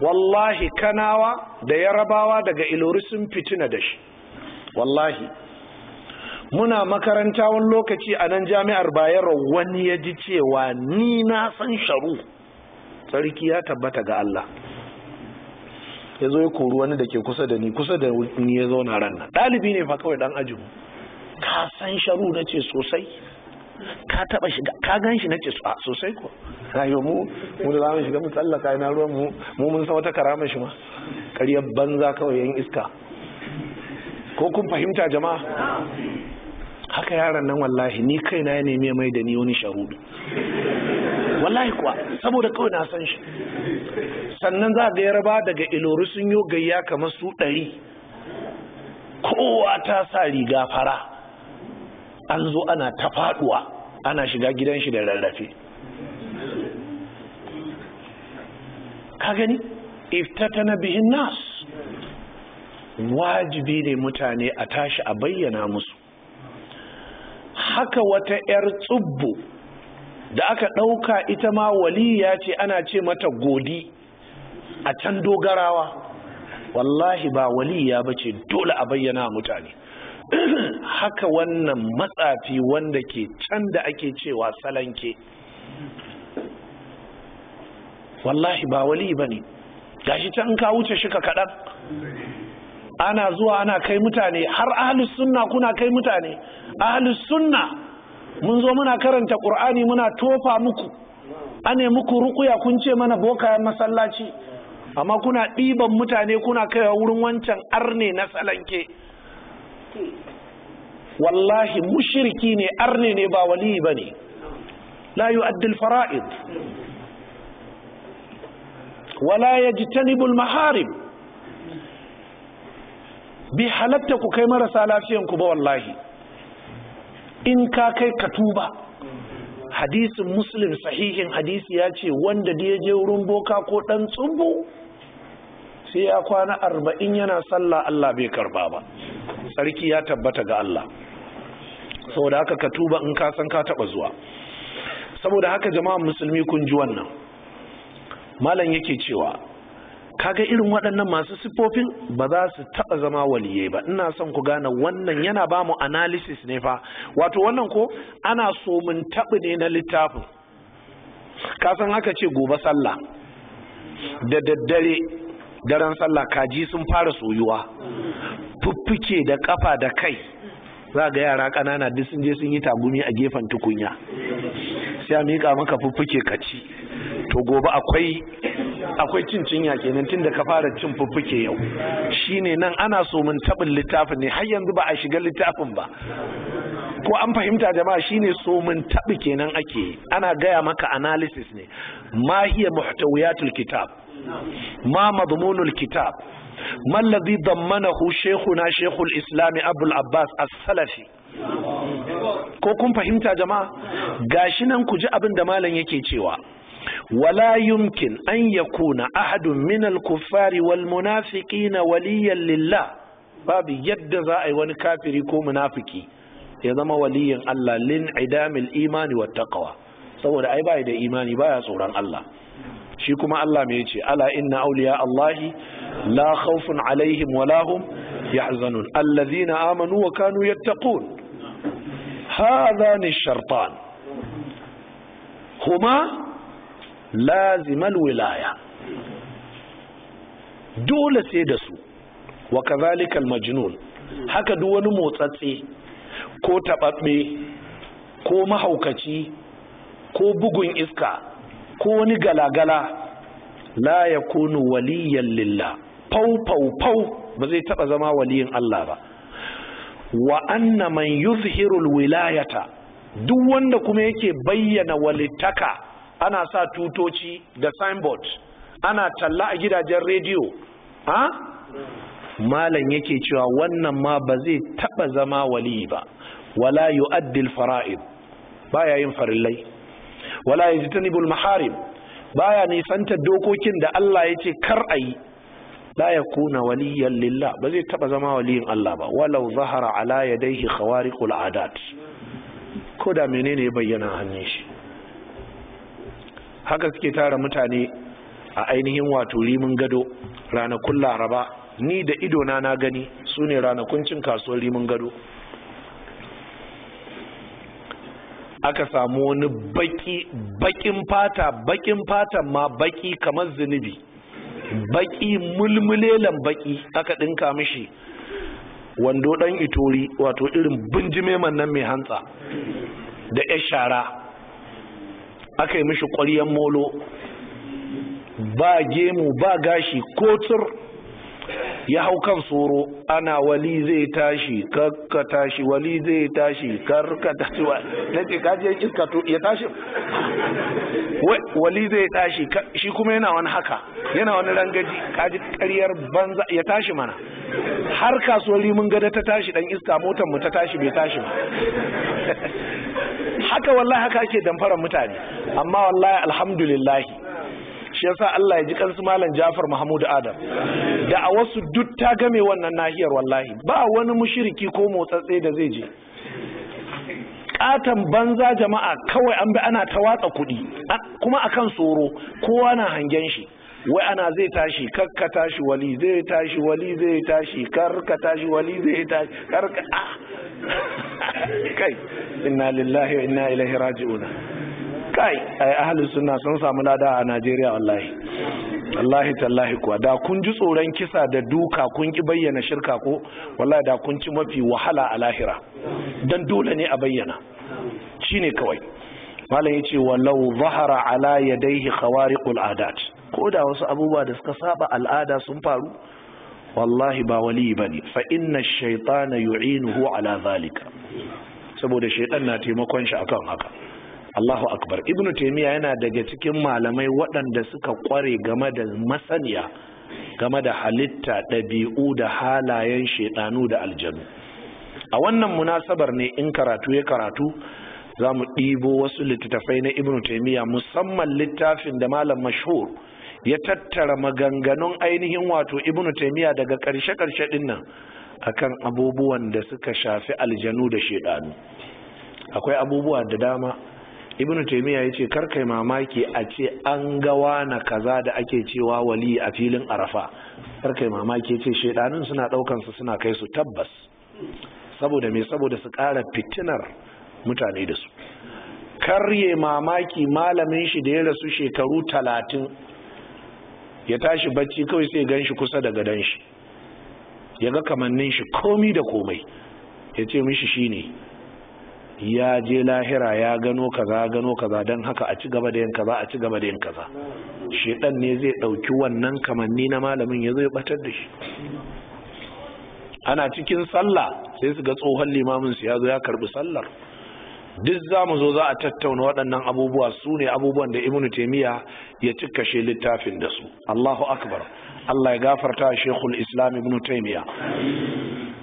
[SPEAKER 1] wallahi kanawa da yarabawa daga ilori sun fitina da shi wallahi muna makaranta wani lokaci a nan jami'ar bayero wani ya ji cewa ni na san sharu sarki ya tabbata ga Allah ya zo ya kori wani da ke kusa da ni kusa da ni ya zauna ran ɗalibi ne fa kawai dan ajin ka san sharu na ce sosai ka taba shiga ka gan shi ce a sosai ko rayuwar mu mu da mu shiga mu tsallaka ina ruwan mu mu mun san wata karama shi ma ƙaryar banza kawai yan iska ko kun fahimta jama'a haka yaran nan wallahi ni kaina ya nemi mai da ni wani sharudu wallahi kuwa saboda kawai na san shi sannan za ga yaraba daga ilori sun yi gayya kamar su ɗari kowa ta sa riga fara an zo ana ta faɗuwa ana shiga gidan shi da rarrafe ka gani iftata na bihin nas wajibi ne mutane a tashi a bayyana musu haka wata 'yar tsubbu da aka ɗauka ita ma waliya ce ana ce mata godi a can dogarawa wallahi ba waliya ya bace dole a bayyana mutane haka wannan matsafi wanda ke can da ake cewa salanke wallahi ba wali ba ne gashi can ka wuce shi ka kaɗan ana zuwa ana kai mutane har ahalus sunna kuna kai mutane ahalus sunna mun zo muna karanta ƙur'ani muna tofa muku ane muku rukuya kun ce mana bokayen masallaci amma kuna ɗiban mutane kuna kaiwa wurin wancan arne na salanke wallahi mushirki ne arne ne ba wali ba ne la yu'addi fara'id wala yajtanibu al-maharim bi halatta ku kai marasa lafiyan ku ba wallahi in ka kai ka tuba hadisin muslim sahihin hadisi ya ce wanda da ya je wurin boka ko dan tsubu sai ya kwana arba'in yana sallah Allah bai karba ba sarki ya tabbata ga Allah saboda haka ka tuba in ka san ka taba zuwa saboda haka jama'an musulmi kun ji wannan malam yake cewa kaga irin waɗannan masu siffofin ba za su taɓa zama waliye ba ina son ku gane wannan yana ba mu analysis ne fa wato wannan ko ana so mun taɓi ne na littafin kasan san haka ce gobe sallah da daddare daren sallah kaji sun fara soyuwa fuffuke da kafa da kai za ga yara ƙanana duk sun je sun yi tagumi a gefen tukunya sai a miƙa maka fuffuke ka ci to gobe akwai akwai cin cinya kenan tun da ka fara cin fuffuke yau shine nan ana so mun tabin littafin ne har yanzu ba a shiga littafin ba ko an fahimta jama'a shine so mun tabi kenan ake ana gaya maka analysis ne ma hiya muhtawiyatul kitab ma madmunul kitab ما الذي ضمنه شيخنا شيخ Abul abbas العباس السلفي ko kun fahimta jama'a gashi nan ku ji abin da malam yake cewa Wala an ya يمكن ahadin يكون أحد wal الكفار na وليا لله babu yadda za a yi wani kafiri ko munafuki, ya zama waliyin Allah lin idamil imani wa saboda ai bai da imani baya tsoron Allah shi kuma Allah me yace ala inna awliya Allahi la khawfun alaihim wa lahum yahzanun alladhina amanu wa kanu yattaqun hadhan ash-shartan huma lazimal wilaya dole sai da su wa kazalikal majnun haka duk wani motsatse ko taɓaɓe, ko mahaukaci ko bugun iska ko wani galagala la ya kunu waliyan lilla fau fau fau ba zai taɓa zama waliyin Allah ba wa anna man yuzhirul wilayata duk wanda kuma yake bayyana walitaka. ana sa tutoci da signboard ana talla a gidajen rediyo ha malam yake cewa wannan ma ba zai taba zama wali ba wala yu'addil fara'id baya yin farillai wala yajtanibul maharim baya nisanta dokokin da Allah ya ce kar a yi la yakuna waliyan lillah ba zai taba zama waliyin Allah ba walau zahara ala yadayhi khawariqul adat ko da menene ya bayyana hannun shi haka suke tara mutane a ainihin wato rimin gado ranakun laraba ni da idona na gani su ne ranakun cin kasuwar rimin gado aka samu wani baki bakin fata bakin fatan ma baki kamar zunubi baki mulmulelan baki aka dinka mishi wando dan itori wato irin binjimeman nan mai hantsa da ya shara aka yi mishi ƙwaryen molo ba gemu ba gashi kotur ya hau kan tsoro ana wali zai tashi karka tashi wali zai tashi karka tashi na ce kaji ya iska to ya tashi wali zai tashi shi kuma yana wani haka yana wani rangaji kaji karyar banza ya tashi mana har kasuwar limin gada ta tashi dan iska motar mu ta tashi bai tashi ba haka wallahi haka ake damfarar mutane amma wallahi alhamdulillahi. shi yasa Allah ya ji kansu malam Jafar Mahmud Adam da a wasu duk ta game wannan nahiyar wallahi ba wani mushriki ko motsatse da zai je katan banza jama'a kawai an bi ana ta watsa kuɗi kuma akan tsoro kowa na hangen shi wai ana zai tashi karka tashi wali zai tashi wali zai tashi karka tashi wali zai tashi karka kai inna lillahi wa inna ilaihi raji'una kai ai ahalin suna sun samu lada a najeriya wallahi wallahi tallahi kuwa da kun ji tsoron kisa da duka kun ki bayyana shirka ko wallahi da kun ci mafi wahala a lahira dan dole ne a bayyana shine kawai malam yace walau zahara ala yadayhi khawariqul adat ko da wasu abubuwa da suka saba al'ada sun faru wallahi ba wali bane fa inna shaytana yu'inuhu ala zalika saboda shaytan na taimakon shi akan haka Allahu akbar ibn taymiya yana daga cikin malamai waɗanda suka kware game da masaniya game da halitta dabi'u, da halayen shaidanu da aljanu a wannan munasabar ne in karatu ya karatu za mu ɗibo wasu littattafai na ibn taymiya musamman littafin da malam mashhur ya tattara maganganun ainihin wato ibn taymiya daga ƙarshe ƙarshe din nan akan abubuwan da suka shafi aljanu da shaidanu akwai abubuwa da dama Ibn taymiya yace kar kai mamaki a ce an ga na kaza da ake cewa wali a filin arafa kar kai mamaki yace shedanin suna daukan su suna kai su tabbas saboda me saboda su kara fitinar mutane da su karye mamaki malamin shi da ya rasu shekaru talatin ya tashi bacci kawai sai gan shi kusa da gadon shi ya ga kamannin shi komi da komai ya ce mishi shine ya je lahira ya gano kaza gano kaza don haka a ci gaba da yin kaza a ci gaba da yin kaza shedan ne zai dauki wannan kamanni na malamin ya zo ya batar da shi ana cikin sallah sai su ga tsohon limamin su ya zo ya karbi sallar duk za mu zo za a tattauna waɗannan abubuwa su ne abubuwan da ibnu taimiyya ya cikkashe littafin da su allahu akbar allah ya gafarta shekul islam ibnu taimiyya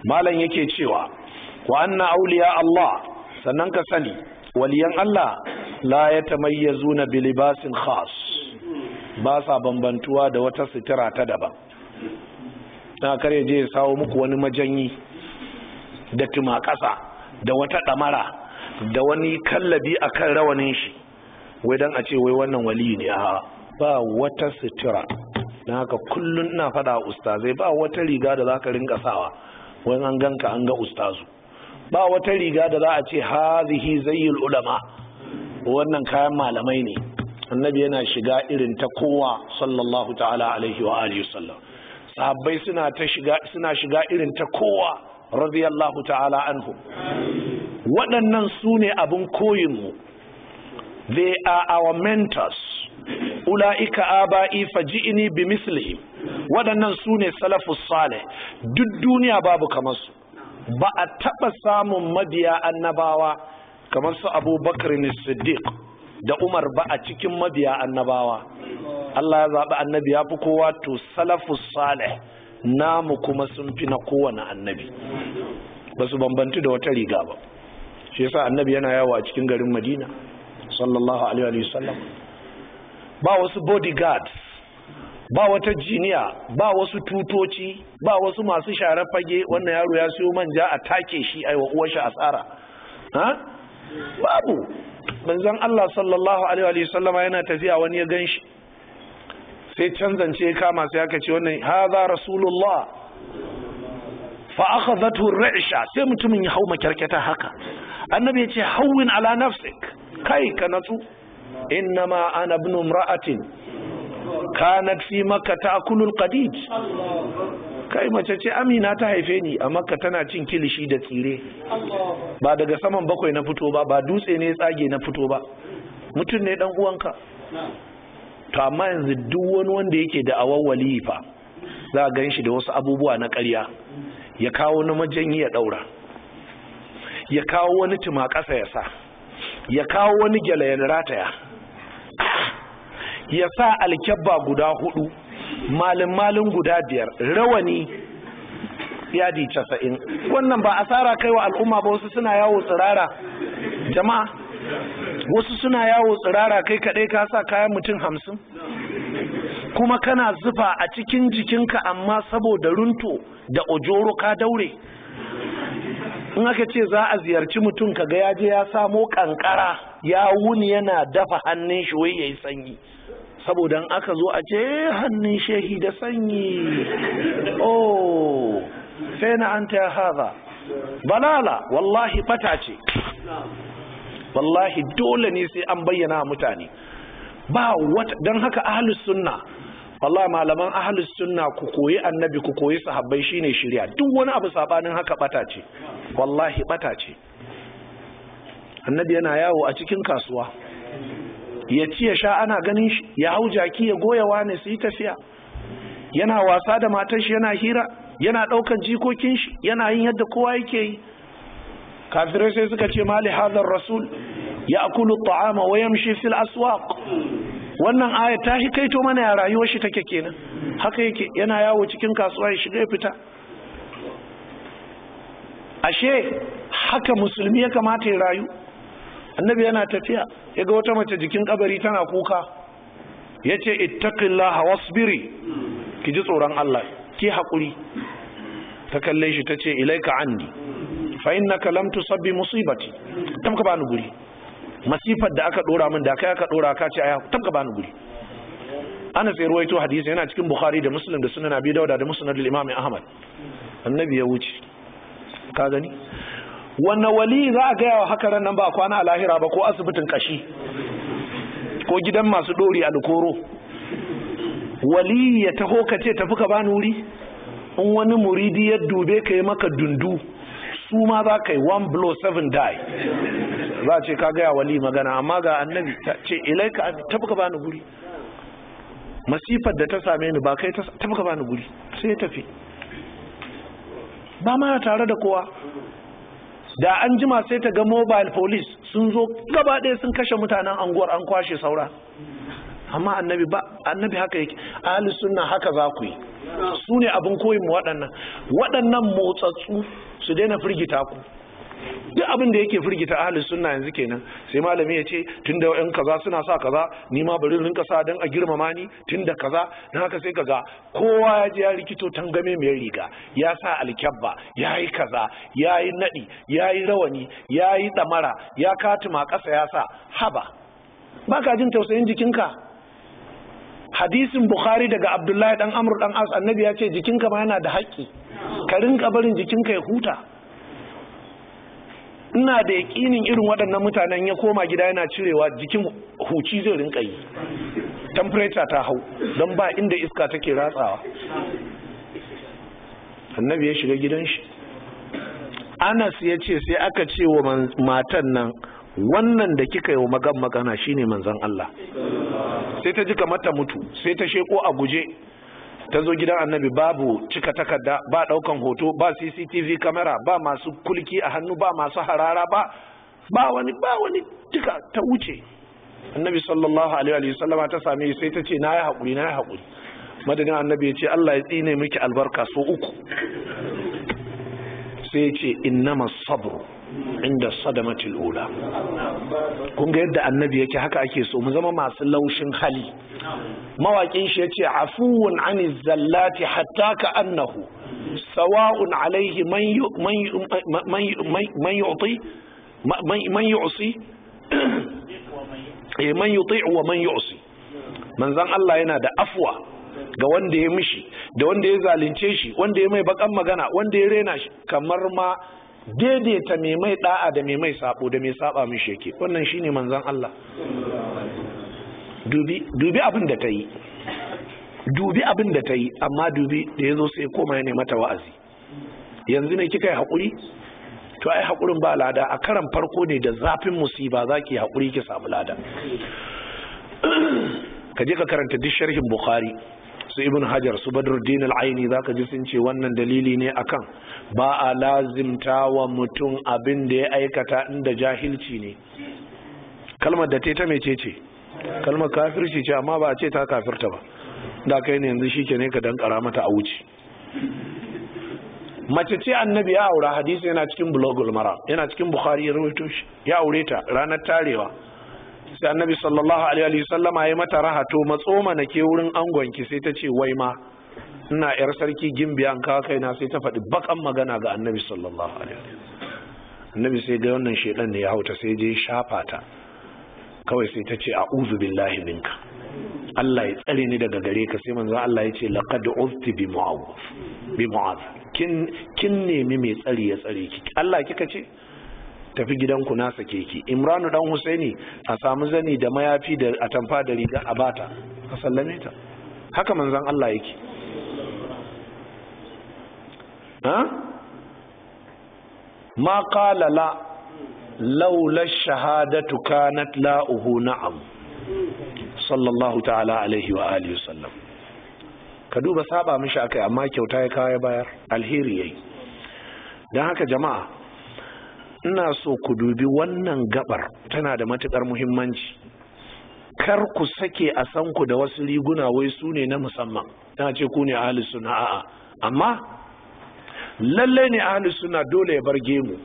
[SPEAKER 1] malam yake cewa wa anna auliya allah sannan ka sani waliyan Allah la ya tamayyazuna bi bilibasin khas ba sa bambantuwa da wata sitira ta daban na kare je ya sawo muku wani majanyi da tumakasa da wata damara da wani kallabi akan rawanin shi wai don a ce wai wannan waliyu ne a ba wata sitira na haka kullum ina fada ustazai ba wata riga da za ka rinka sawa wani an ganka an ga ustazu ba wata riga da za a ce hazihi zayyul ulama wannan kayan malamai ne annabi yana shiga irin ta kowa sallallahu ta'ala alaihi wa alihi sallam sahabbai suna ta shiga suna shiga irin ta kowa radiyallahu ta'ala anhu waɗannan su ne abin koyinmu they are our mentors ula'ika aba'i faji'ini bi mislihim waɗannan su ne salafus salih duk duniya babu kamar su ba a taɓa samun mabiya annabawa kamar su abu bakar siddiq da umar ba a cikin mabiya annabawa Allah ya zaɓi annabi ya fi kowa to salafu salih namu kuma sun fi na kowane annabi ba su bambanci da wata riga ba shi yasa annabi yana yawo a cikin garin madina sallallahu alaihi wasallam ba wasu bodyguards ba wata jiniya ba wasu tutoci ba wasu masu share fage wannan yaro ya siyo manja a take shi aiwa uwar uwarsa asara ha babu manzon Allah sallallahu alaihi wa sallama yana tafiya wani ya ganshi sai canzance ya kama sai aka ce wannan hadha rasulullah fa akhadhatu ar rasha sai mutumin ya hauma makarkata haka annabi ya ce hawwin ala nafsik kai ka natsu innama ana ibn imra'atin kanat fi makka Akulul qadid kai mace ce amina ta haife ni a makka tana cin kilishi da tsire ba daga saman bakwai na fito ba ba dutse ne tsage na fito ba mutum ne dan uwanka to amma yanzu duk wani wanda yake da awawali fa za a gan shi da wasu abubuwa na ƙarya ya kawo na majanyi ya ɗaura ya kawo wani tumakasa ya sa ya kawo wani gyalayen rataya ya sa alkyabba guda hudu malin malin guda biyar rawani yadi casa'in wannan ba asara kai wa al'umma ba wasu suna yawo tsirara jama'a wasu suna yawo tsirara kai kaɗai ka sa kayan mutum hamsin kuma kana zufa a cikin jikinka amma saboda runto da ojoro ka daure in aka ce za a ziyarci mutum kaga ya je ya samo kankara ya wuni yana dafa hannun shi wai yi sanyi saboda aka zo a ce hannun shehi da sanyi oh fena an ta haza balala wallahi bata ce wallahi dole ne sai an bayyana mutane ba wata don haka ahalus sunna wallahi malaman ahalus sunna ku koyi annabi ku koyi sahabbai shine shirya duk wani abu sabanin haka bata ce wallahi bata ce annabi yana yawo a cikin kasuwa ya ci ya sha ana ganin shi ya hau jaki ya goya ne su yi tafiya yana wasa da matar shi yana hira yana ɗaukan jikokin shi yana yin yadda kowa yake yi kafirai sai suka ce mali hadar rasul ya akulu ta'ama wa yamshi fil aswaq wannan aya ta hi kaito mana ya rayuwar shi take kenan haka yake yana yawo cikin kasuwa ya shiga ya fita ashe haka musulmi ya kamata ya rayu annabi yana tafiya ya ga wata mace jikin kabari tana kuka ya ce ittaqillaha wasbiri ki ji tsoron Allah ki haƙuri ta kalle shi ta ce ilaika anni fa innaka lam tusabbi musibati tamka bani guri masifar da aka dora min da kai aka dora ka ce ai tamka bani guri ana sai ruwaito hadisi yana cikin bukhari da muslim da sunan abi dauda da musnad al-imam ahmad annabi ya wuce ka gani Wannan wali za a gaya wa haka ran nan ba kwana a lahira ba ko asibitin kashi ko gidan masu dori a dukoro wali ya taho ka ce tafi ka bani wuri in wani muridi ya dube ka yi maka dundu su ma za ka yi one blow seven die za a ce ka gaya wali magana amma ga annabi ta ce ilaika tafi ka bani guri masifar da ta same ni ba kai tafi ka bani guri sai ya tafi ba ma tare da kowa da an jima sai ta ga mobile police sun zo gaba ɗaya sun kashe mutanen anguwar an kwashe saura amma annabi ba annabi haka yake ahli sunna haka za ku yi su ne abin koyin mu waɗannan waɗannan motsatsu su daina firgita ku duk abin da yake firgita ahalin sunna yanzu kenan sai malami ya ce tun da yan kaza suna sa kaza ni ma bari rinka sa don a girmama ni da kaza Na haka sai kaga kowa ya je ya rikito tangame mai riga ya sa alkyabba ya yi kaza ya yi nadi ya yi rawani ya yi tsamara, ya katima kasa ya sa haba Ba ka jin tausayin jikinka hadisin bukhari daga abdullahi dan amur dan as annabi ya ce jikinka ma yana da haƙƙi ka rinka barin jikinka ya huta ina da yaƙinin irin waɗannan mutanen ya koma gida yana cirewa jikin huci zai rinka yi temperature ta hau don ba inda iska take ratsawa annabi ya shiga gidan shi anas ya ce sai aka ce wa matan nan wannan da kika yi wa magan magana shine manzan Allah sai ta ji kamar ta mutu sai ta sheko a guje ta zo gidan annabi babu cika takarda ba daukan hoto ba cctv kamera ba masu kulki a hannu ba masu harara ba ba wani ba wani duka ta wuce annabi sallallahu alaihi wa sallama ta same sai ta ce na yi haƙuri na yi haƙuri madadin annabi ya ce Allah ya tsine miki albarka so uku sai ya ce innama sabru inda sadamatul ula kun ga yadda annabi yake haka ake so mu zama masu laushin hali mawakin shi yace afuwun ani zallati hatta ka annahu sawa'un alayhi man man yu'ti man yu'si eh, man yuti wa man yu'si Manzan Allah yana da afwa ga wanda ya mishi da wanda ya zalunce shi wanda ya mai bakan magana wanda ya rena shi kamar ma daidaita mai mai da'a da mai mai sabo da mai saba mishi yake wannan shine manzon Allah dubi dubi abin da ta yi dubi abin da ta yi amma dubi da ya zo sai koma ya ta wa'azi yanzu ne kika yi hakuri? to ai haƙurin ba lada a karan farko ne da zafin musiba za ki haƙuri ki samu lada ka je ka karanta duk sharhin bukhari su ibn hajar su badruddin al-aini za ka ji sun ce wannan dalili ne akan ba a lazimta wa mutum abin da ya aikata inda jahilci ne kalmar da ta mece ce kalmar kafirci ce amma ba a ce ta kafirta ba da kai ne yanzu shike ne ka dankara mata a wuce mace ce annabi ya aura hadisi yana cikin bulogul mara yana cikin bukhari ya rawaito shi ya aure ta ranar tarewa sai annabi sallallahu alaihi wasallama ya mata rahato matso mana ke wurin angonki sai ta ce wai ma ina yar sarki gimbiya an kawo kaina sai ta faɗi bakan magana ga annabi sallallahu alaihi annabi sai ga wannan shedan ne ya hauta sai je shafa ta kawai sai ta ce a'udhu billahi minka Allah ya tsare ni daga gare ka sai manzo Allah ya ce laqad uzti bi mu'awz bi mu'az kin kin nemi mai tsari ya tsare ki Allah kika ce tafi gidanku na sake ki Imranu dan Husaini a samu zani da mayafi da atamfa da riga a bata sallame ta haka manzon Allah yake ma qala la laula shahadatu kanat la'uhu na'am sallallahu ta'ala alaihi wa alihi wasallam ka duba saba mishi akai amma kyauta ya kawo bayar alheri yayi dan haka jama'a ina so ku dubi wannan gabar tana da matukar muhimmanci kar ku sake a san ku da wasu riguna wai su ne na musamman ta ce ku ne ahli suna a'a amma lalle ne ahli suna dole ya bar gemu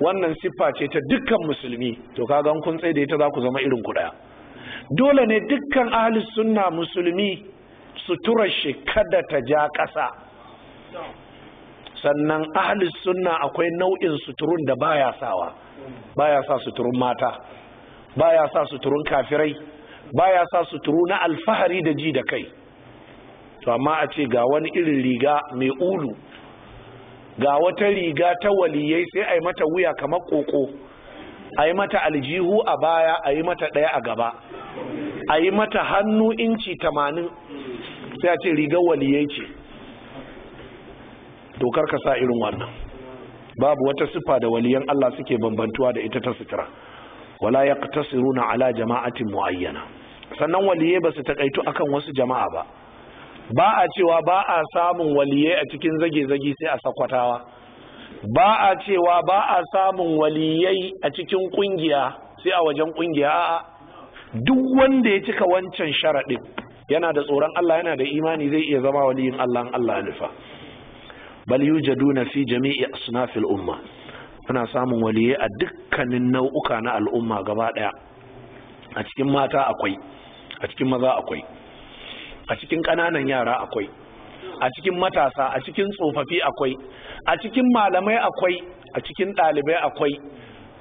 [SPEAKER 1] wannan siffa ce ta dukkan musulmi to ka ga kun tsaye da ita za ku zama irin ku daya dole ne dukkan ahli sunna musulmi tura shi kada ta ja ƙasa sannan ahli sunna akwai nau'in suturun da baya sawa baya sa suturun mata baya sa suturun kafirai baya sa suturu na alfahari da ji da kai to amma a ce ga wani irin riga mai ulu ga wata riga ta waliyai sai a yi mata wuya kamar koko a yi mata aljihu a baya a yi mata ɗaya a gaba a yi mata hannu inci tamanin sai a ce rigar waliyai ce dokar ka sa irin wannan babu wata siffa da waliyan Allah suke bambantuwa da ita ta sutura wala ya yaqtasiruna ala jama'atin muayyana sannan waliye ba su takaitu akan wasu jama'a ba ba a cewa ba a samun waliye a cikin zage-zage sai a sakwatawa ba a cewa ba a samun waliyai a cikin ƙungiya sai a wajen kungiya a'a duk wanda ya cika wancan sharaɗin yana da tsoron Allah yana da imani zai iya zama waliyin Allah Allah ya nufa bal yujaduna fi jami'i asnafil umma kuna samun waliyai a dukkanin nau'uka na al'umma gaba daya a cikin mata akwai a cikin maza akwai a cikin ƙananan yara akwai a cikin matasa a cikin tsofaffi akwai a cikin malamai akwai a cikin ɗalibai akwai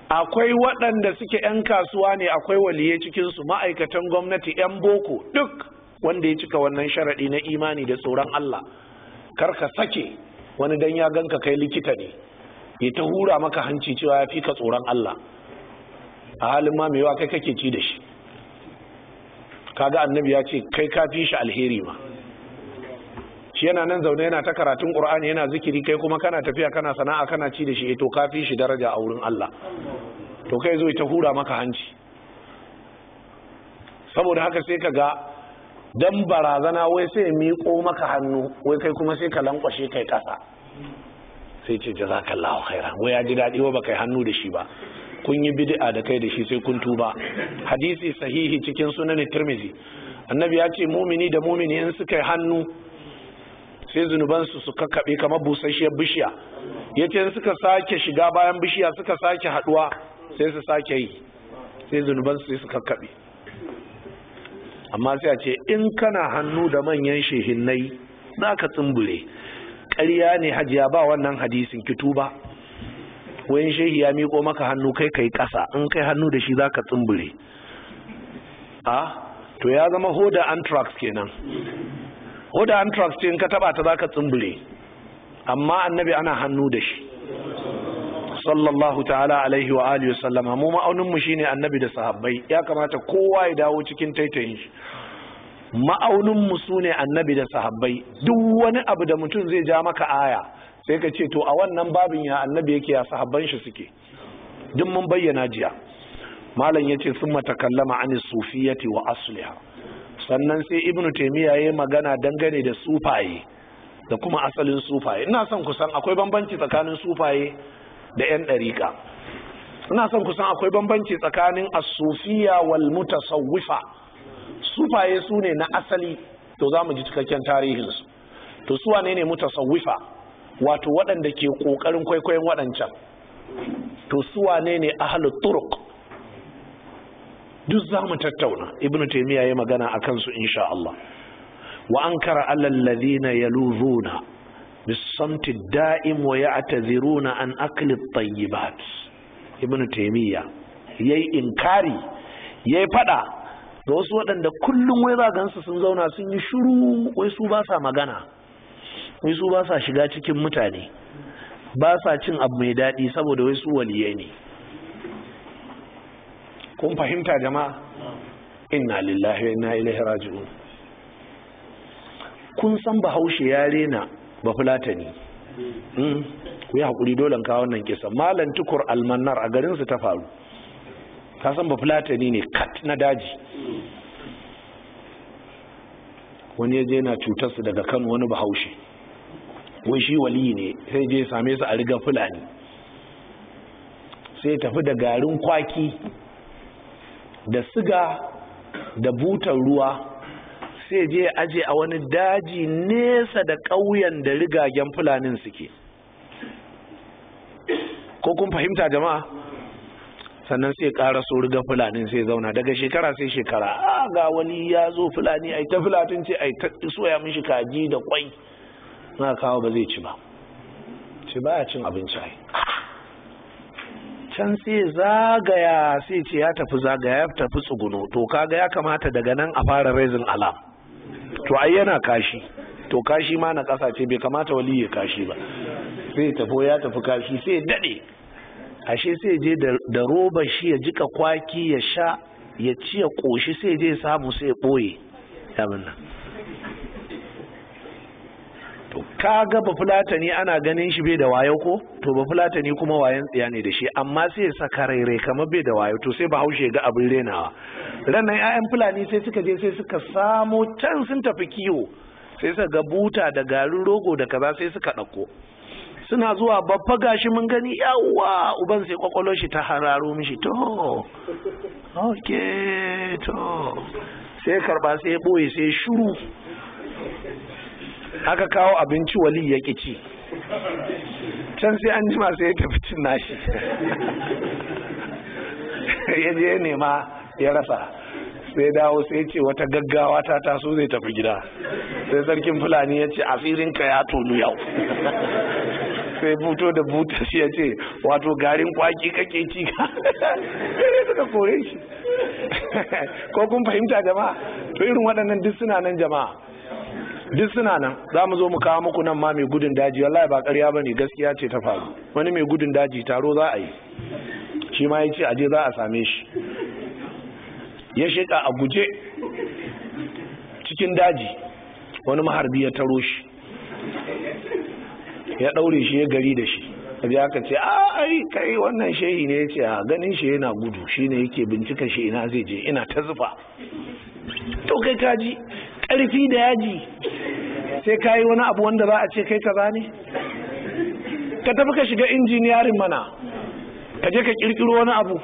[SPEAKER 1] akwai waɗanda suke 'yan kasuwa ne akwai waliye cikinsu ma'aikatan gwamnati 'yan boko duk wanda ya cika wannan sharaɗi na imani da tsoron Allah Kar ka sake wani dan ya ganka kai likita ne ya ta hura maka hanci cewa ya fi ka tsoron Allah a halin ma mai kai kake ci da shi kaga annabi ya ce kai ka fi shi alheri ma shi yana nan zaune yana ta karatun qur'ani yana zikiri kai kuma kana tafiya kana sana'a kana ci da shi eh to ka fi shi daraja a wurin Allah to kai zo ta hura maka hanci saboda haka sai ka ga dan barazana wai sai miƙo maka hannu wai kai kuma sai ka lankwashe kai ƙasa. sai ce jazakallahu khairan wai ya ji daɗi ba kai hannu da shi ba kun yi bid'a da kai da shi sai kun tuba hadisi sahihi cikin sunan tirmizi annabi ya ce mumini da mumini in suka yi hannu sai zunuban su kabe kamar busasshiyar bishiya Yace in suka sake shiga bayan bishiya suka sake haduwa sai su sake yi sai zunuban su su kabe amma sai a ce in kana hannu da manyan shehinnai za ka tsumbure ƙarya ne hajiya ba wannan hadisin Kituba, wayan shehi ya miko maka hannu kai kai ƙasa in kai hannu da shi zaka tsumbure a to ya zama hoda anthrax kenan hoda anthrax ce in ka taba ta zaka tsumbure amma annabi ana hannu da shi sallallahu ta'ala alaihi wa alihi sallama mu ma'aunin mu shine annabi da sahabbai ya kamata kowa ya dawo cikin taitayin shi Ma'auninmu mu sune annabi da sahabbai duk wani abu da mutum zai ja maka aya sai ka ce to a wannan babin ya annabi yake ya sahabban shi suke duk mun bayyana jiya malam ya ce sun matakallama an sufiyati wa asliha sannan sai ibnu ya yi magana dangane da sufaye da kuma asalin sufaye ina son kusan akwai bambanci tsakanin sufaye da yan dariƙa ina son kusan akwai bambanci tsakanin as-sufiya wal mutasawwifa sufaye su ne na asali to za mu ji cikakken tarihinsu to su wane ne mutasawwifa wato waɗanda ke ƙoƙarin kwaikwayon waɗancan to su wane ne ahalu turuk duk za mu tattauna ibnu taimiyya ya magana a kansu insha Allah wa ankara na na yaluzuna bisamti da'im wa ya'taziruna an akli tayyibat ibnu taimiyya yayi inkari yayi fada da wasu waɗanda kullum wai ba gansu sun zauna sun yi shuru wai su ba sa magana wai su ba sa shiga cikin mutane ba sa cin abu mai daɗi saboda wai su waliyai ne kun fahimta jama'a inna lillahi wa inna ilaihi raji'un kun san bahaushe ya rena ba fulatani hmm? ku yi haƙuri dole ka wannan kisa malam tukur almanar a garinsu ta faru ka san ba fulatani ne kat na daji wani ya je na cutar su daga kan wani Bahaushe wai shi wali ne sai je same su a riga fulani sai tafi da garin kwaki da siga da butar ruwa sai je aje a wani daji nesa da ƙauyen da rigagen fulanin suke ko kun fahimta jama'a sannan sai ƙara so riga fulanin sai zauna daga shekara sai shekara a ga wani ya zo fulani a ta fulatin ce a ta soya mishi kaji da kwai na kawo ba zai ci ba ce baya cin abinci ai can sai zagaya sai ce ya tafi zagaya ya tafi tsuguno to kaga ya kamata daga nan a fara raising alam to ai yana kashi to kashi ma na ƙasa ce bai kamata wali ya kashi ba sai tafi ya tafi kashi sai daɗe ashe sai je da roba shi ya jika kwaki ya sha ya ci ya koshi sai je samu sai ya boye to kaga ba ana ganin shi bai da wayo ko to Bafulatani kuma wayan tsiya ne da shi amma sai ya saka rairai kamar bai da wayo to sai ba haushe ga abin renawa rannan 'ya'yan fulani sai suka je sai suka samo can sun tafi kiwo sai suka ga buta da garin rogo da kaza sai suka ɗauko suna zuwa babba gashi mun gani yawa uban sai kwakwalon shi ta hararo mishi to ok to sai karba sai boye sai shuru haka kawo abinci wali ya ci can sai an jima sai ya tafi cin nashi ya je nema ya rasa sai dawo sai ce wata gaggawa ta taso zai tafi gida sai sarkin fulani ya ce a asirinka ya tonu yau sai buto da buto shi ya ce wato garin kwaki kake ci ka sai suka kore shi ko kun fahimta jama'a to irin waɗannan duk suna nan jama'a duk suna nan za mu zo mu kawo muku nan ma mai gudun daji wallahi ba ƙarya ba ne gaskiya ce ta faru wani mai gudun daji taro za a yi shi ma ya ce aje za a same shi ya sheƙa a guje cikin daji wani maharbi ya taro shi ya ɗaure shi ya gari da shi kaji aka ce a ah, ai kai wannan shehi ne yace a ah, ganin shi yana gudu shine yake bincika shi ina zai je ina ta zufa to kai ka ji, karfi da yaji sai kai wani abu wanda za a ce kai kaza ne ka tafi ka shiga injiniyarin mana ka je ka kirkiro wani abu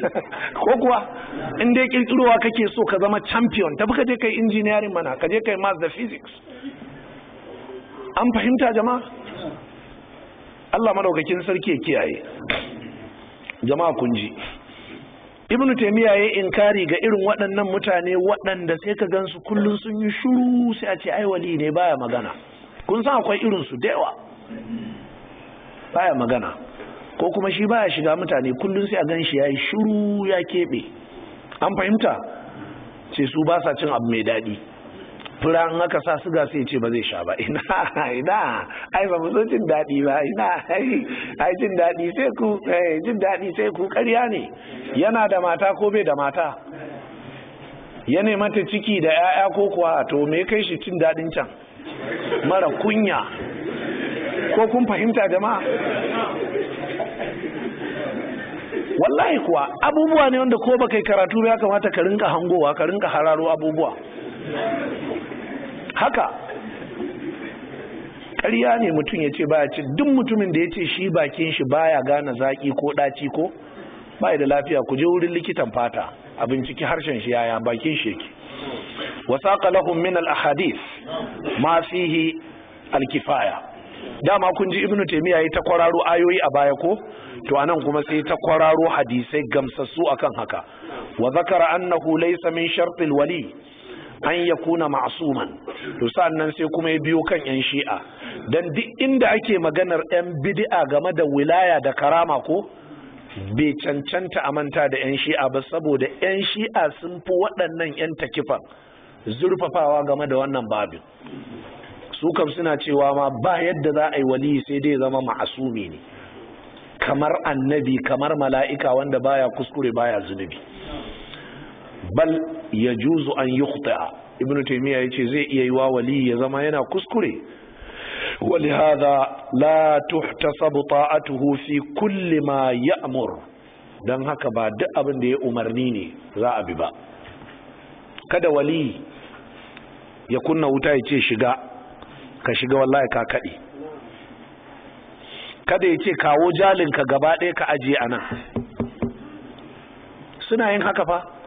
[SPEAKER 1] ko kuwa in dai kirkirowa kake so ka zama champion tafi ka je kai injiniyarin mana ka je kai maths da physics an fahimta jama'a Allah madaukakin sarki ya kiyaye jama'a kun ji ibnu taymiya yayin inkari ga irin waɗannan mutane waɗanda sai ka gansu kullun sun yi shuru sai a ce ai wali ne baya magana kun san akwai irin su baya magana ko kuma shi baya shiga mutane kullun sai a gan yayi shuru ya kebe an fahimta ce su ba sa cin abu mai daɗi fura an aka sa suga sai ce ba zai sha ba ina ina ai ba mu so jin daɗi ba ina ai jin daɗi sai ku eh, jin daɗi sai ku ƙarya ne yana da mata ko bai da mata ya mata ciki da 'ya'ya ko kuwa to me kai shi cin daɗin can mara kunya ko kun fahimta jama'a wallahi kuwa abubuwa ne wanda ko baka yi karatu ya kamata ka rinka hangowa ka rinka hararo abubuwa haka ƙarya ne mutum ya ce baya ci duk mutumin da ya ce shi bakin shi baya gane zaƙi ko ɗaci ko ba da lafiya ku je wurin likitan fata a binciki harshen shi yaya bakin shi yake wasa ƙalahun min al ma fihi al kifaya dama kun ji ibnu taimiya yi ta kwararo ayoyi a baya ko to anan kuma sai ta kwararo hadisai gamsassu akan haka wa zakara annahu laysa min shartil wali an ya kuna ma'asuman to nan sai kuma ya biyo kan 'yan shi'a don duk inda ake maganar 'yan bid'a game da wilaya da karama ko bai cancanta a manta da 'yan shi'a ba saboda 'yan shi'a sun fi waɗannan 'yan takifan zurfafawa game da wannan babin su kam suna cewa ma ba yadda za a yi wali sai dai zama ma'asumi ne kamar annabi kamar mala'ika wanda baya kuskure baya zunubi bal ya juzu an yukhta ibn ya ce zai iya yi wa wali ya zama yana kuskure haza la tuhta لا a طاعته kulle ma ya amur Don haka ba duk abin da ya umarni ne za a bi ba kada wali ya kunna wuta ya ce shiga ka shiga wallahi ka kaɗi. kada ya ce kawo jalinka gaba ɗaya ka ajiye a nan suna yin haka fa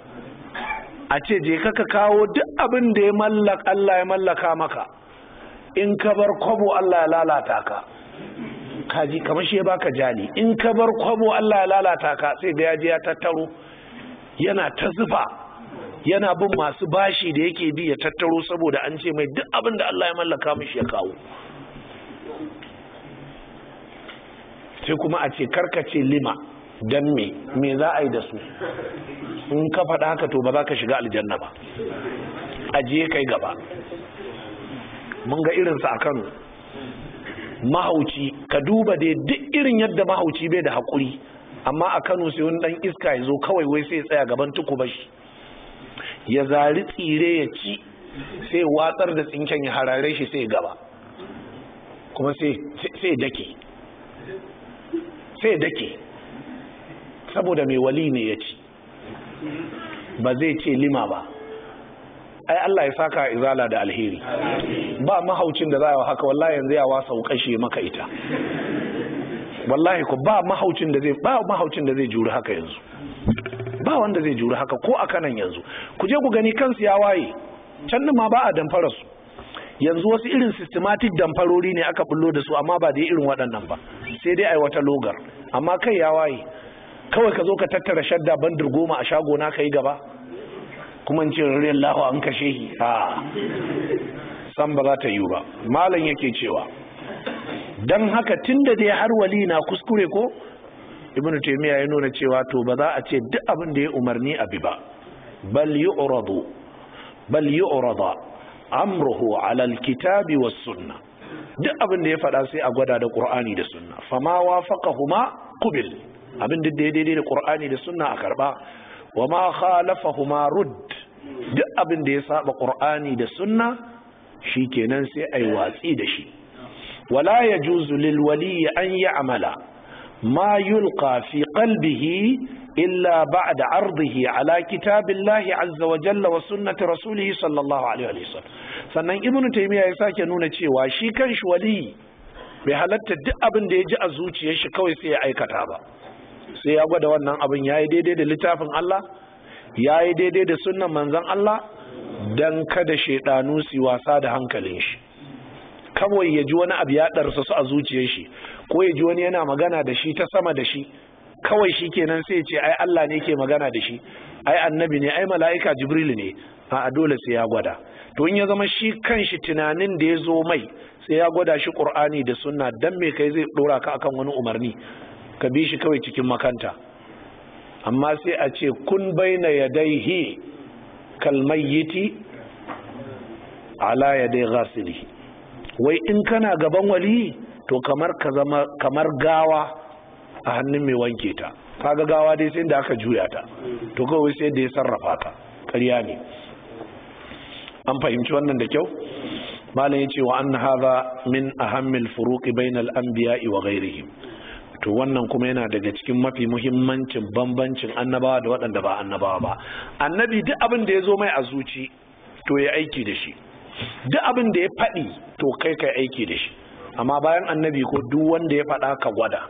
[SPEAKER 1] a ce je kaka kawo duk abin da ya mallaka Allah ya mallaka maka in ka bar kwabo Allah ya lalata ka kaji kamar shi ya baka jali in ka bar kwabo Allah ya lalata ka sai da yaji ya tattaro yana ta zufa yana bin masu bashi da yake bi ya tattaro saboda an ce mai duk abin da Allah ya mallaka mishi ya kawo sai kuma a ce karkace lima Dan me me za a yi da su in ka faɗa haka to ba za ka shiga aljanna ba ajiye kai gaba mun ga irinsa a kano mahauci ka duba dai duk irin yadda mahauci bai da haƙuri amma a kano sai wani ɗan iska ya zo kawai wai sai ya tsaya gaban tuku bashi. ya zari tsire ya ci sai watsar da tsinken ya harare shi sai gaba kuma sai dake sai dake saboda mai wali ne ya ci ba zai ce lima ba ai Allah ya saka izala da alheri ba mahaucin da za a haka wallahi yanzu ya wasa kashe maka ita wallahi ko ba mahaucin da zai ba mahaucin da zai juri haka yanzu ba wanda zai juri haka ko a kanan yanzu ku je ku gani kansu ya waye can ma ba a damfara su yanzu wasu irin systematic damfarori ne aka bullo da su amma ba da irin waɗannan ba sai dai ai wata logar amma kai ya waye kawai ka zo ka tattara shadda bandir goma a shago na kai gaba kuma in ce ruriyar lahu an kashe hi a san ba za ta yiwu ba malam yake cewa don haka tun da dai har wali na kuskure ko ibnu taimiyya ya nuna cewa to ba za a ce duk abin da ya umarni abi ba bal yu'radu bal amruhu alal kitabi wa sunna duk abin da ya faɗa sai a gwada da Ƙur'ani da sunna fama kuma kubil. abin da daidai da qur'ani da sunna a karba wa ma huma rudd duk abin da ya saba qur'ani da sunna kenan sai yi watsi da shi wala yajuzu lil wali an amala. ma yulka fi qalbihi illa ba'da ardihi ala kitabillahi azza wa jalla wa sunnati rasulihi sallallahu alaihi wa sallam sannan ibnu taymiya ya sake nuna cewa shi kanshi wali bai halatta duk abin da ya ji a zuciyar shi kawai sai ya aikata ba sai ya gwada wannan abin ya yi daidai da littafin Allah ya yi daidai da sunnan manzan Allah don kada shaidanu su wasa da hankalin shi kawai ya ji wani abu ya ɗarsa su a zuciyar shi ko ya ji wani yana magana da shi ta sama da shi kawai shi kenan sai ce ai Allah ne ke magana da shi ai annabi ne ai mala'ika jibril ne a dole sai ya gwada to in ya zama shi kanshi tunanin da ya zo mai sai ya gwada shi qur'ani da sunna dan me kai zai dora ka akan wani umarni ka bi shi kawai cikin makanta amma sai a ce kun baina yadaihi kalmayyiti ala ya dai gasili wai in kana gaban wali to kamar ka zama kamar gawa a hannun mai wanke ta kaga gawa dai sai da aka juya ta to kawai sai da ya sarrafa ta karya ne an fahimci wannan da kyau malam yace wa an hadha min ahammil furuqi bainal anbiya'i wa ghairihim to wannan kuma yana daga cikin mafi muhimmancin bambancin annabawa da waɗanda ba annabawa ba annabi duk abin da ya zo mai a zuci to ya aiki da shi duk abin da ya faɗi to kai kai aiki da shi amma bayan annabi ko duk wanda ya faɗa ka gwada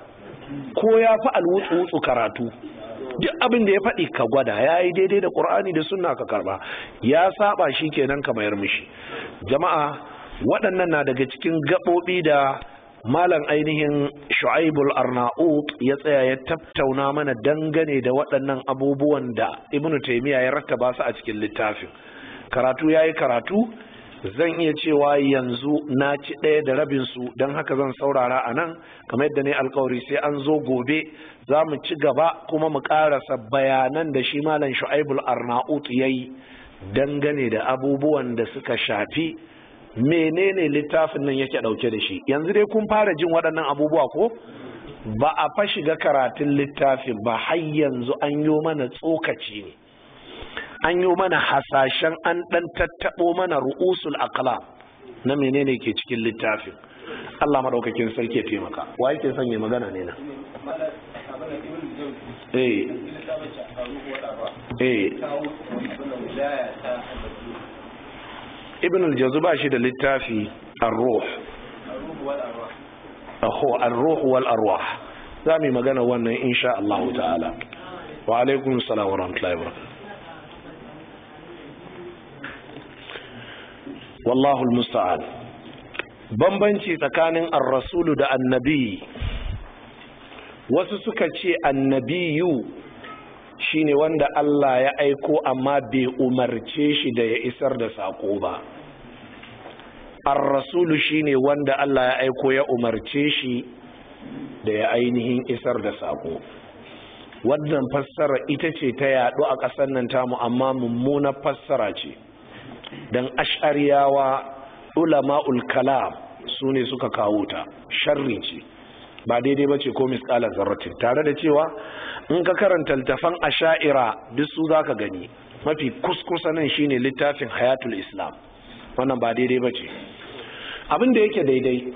[SPEAKER 1] ko ya fi alwutsu wutsu karatu duk abin da ya faɗi ka gwada ya yi daidai da ƙur'ani da sunna ka karba ya saba shi kenan ka mayar mishi jama'a waɗannan na daga cikin gaɓoɓi da malam ainihin shu'aibul arnaut ya tsaya ya tattauna mana dangane da waɗannan abubuwan da ibnu taimiyya ya rattaba su a cikin littafin karatu yayi karatu zan iya cewa yanzu na ci ɗaya da rabin su don haka zan saurara a nan kamar yadda ne alkawari sai an zo gobe za mu ci gaba kuma mu ƙarasa bayanan da shi malam shu'aibul arnaut ya yi dangane da abubuwan da suka shafi menene littafin nan yake dauke da shi yanzu dai kun fara jin waɗannan abubuwa ko ba a fa shiga karatun littafin ba har yanzu an yi mana tsokaci ne an yi mana hasashen an ɗan tattaɓo mana ru'usul aqlam na menene ke cikin littafin Allah maɗaukakin sarki ya taimaka wa yake son yi magana ne na eh eh ibn aljazu ba shi da littafi ar aho ar wal arwah za mu yi magana wannan insha Allah ta'ala wa alaikum salam wa rahmatullahi wa barakatuh wallahu al-musta'an bambanci tsakanin ar-rasulu da annabi wasu suka ce annabiyu shine wanda Allah ya aiko amma bai umarce shi da ya isar da sako ba ar-rasulu shine wanda Allah ya aiko ya umarce shi da ya ainihin isar da sako wannan fassara ita ce ta yaɗu a ƙasar nan tamu amma mummuna fassara ce don ash'ariyawa ulama'ul kalam su ne suka kawo ta sharri ce ba daidai ba ce ko miskala zarratin tare da cewa in ka karanta littafan asha'ira duk su za ka gani mafi kuskusa nan shine littafin hayatul islam wannan ba daidai ba ce abin da yake daidai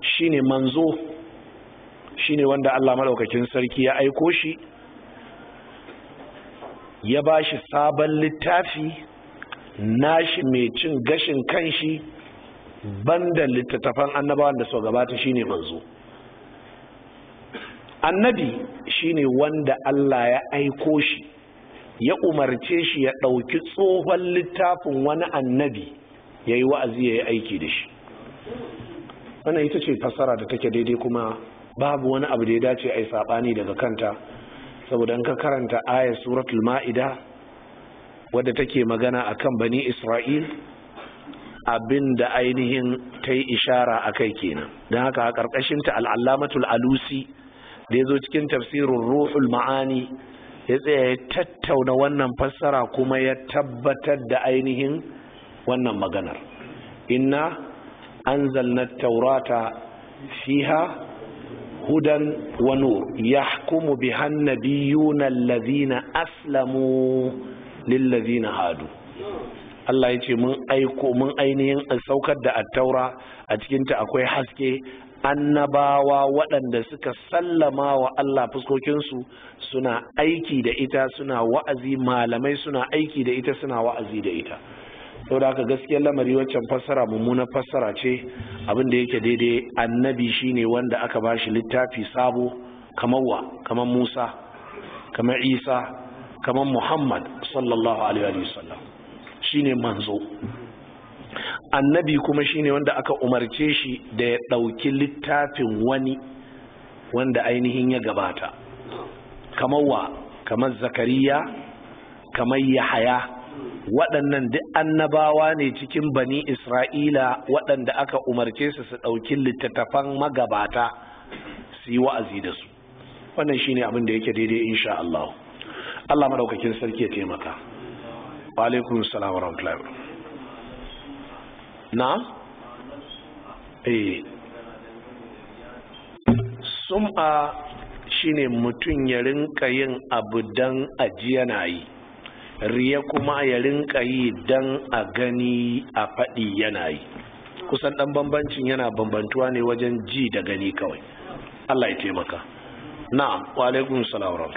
[SPEAKER 1] shine manzo shine wanda Allah maɗaukakin sarki ya aiko shi ya ba shi sabon littafi nashi mai cin gashin kanshi banda littattafan annabawan da suka gabata shine manzo annabi shine wanda Allah ya aiko shi ya umarce shi ya ɗauki tsohon littafin wani annabi ya yi wa'azi ya yi aiki da shi wannan ita ce fasara da take daidai kuma babu wani abu da ya dace a yi saɓani daga kanta saboda ka karanta ayar suratul ma'ida wadda take magana a kan bani isra'il abin da ainihin ta yi ishara a kai kenan don haka a ƙarƙashinta al'allamatul alusi da ya zo cikin tafsirin ruhul ma'ani ya tsaya ya tattauna wannan fassara kuma ya tabbatar da ainihin wannan maganar inna anzalna taurata fiha hudan wa nur yahkumu biha annabiyuna allazina aslamu lillazina hadu Allah ya ce mun aiko mun ainihin saukar da attaura a cikinta akwai haske annabawa waɗanda suka sallama wa Allah fuskokinsu suna aiki da ita suna wa'azi malamai suna aiki da ita suna wa'azi da ita sau da aka gaskiyar lamari waccan fassara mummuna fassara ce abinda yake daidai annabi shine wanda aka ba shi littafi sabo kamar wa kamar musa kamar isa kamar muhammad sallallahu alaihi wasallam shine manzo annabi kuma shine wanda aka umarce shi da ya ɗauki littafin wani wanda ainihin ya gabata kamar wa kamar zakariya kamar yahaya waɗannan duk annabawa ne cikin bani isra'ila waɗanda aka umarce su su ɗauki littattafan magabata su yi wa'azi da su wannan shine abin da yake daidai insha Allah Allah maɗaukakin sarki ya taimaka wa alaikum salam wa rahmatullahi na? eh sum'a shine mutum ya rinka yin abu dan ajiya na yi riya kuma ya rinƙa yi dan a gani a faɗi yana yi kusan ɗan bambancin yana bambantuwa ne wajen ji da gani kawai Allah ya taimaka na'am wa alaikum salam wa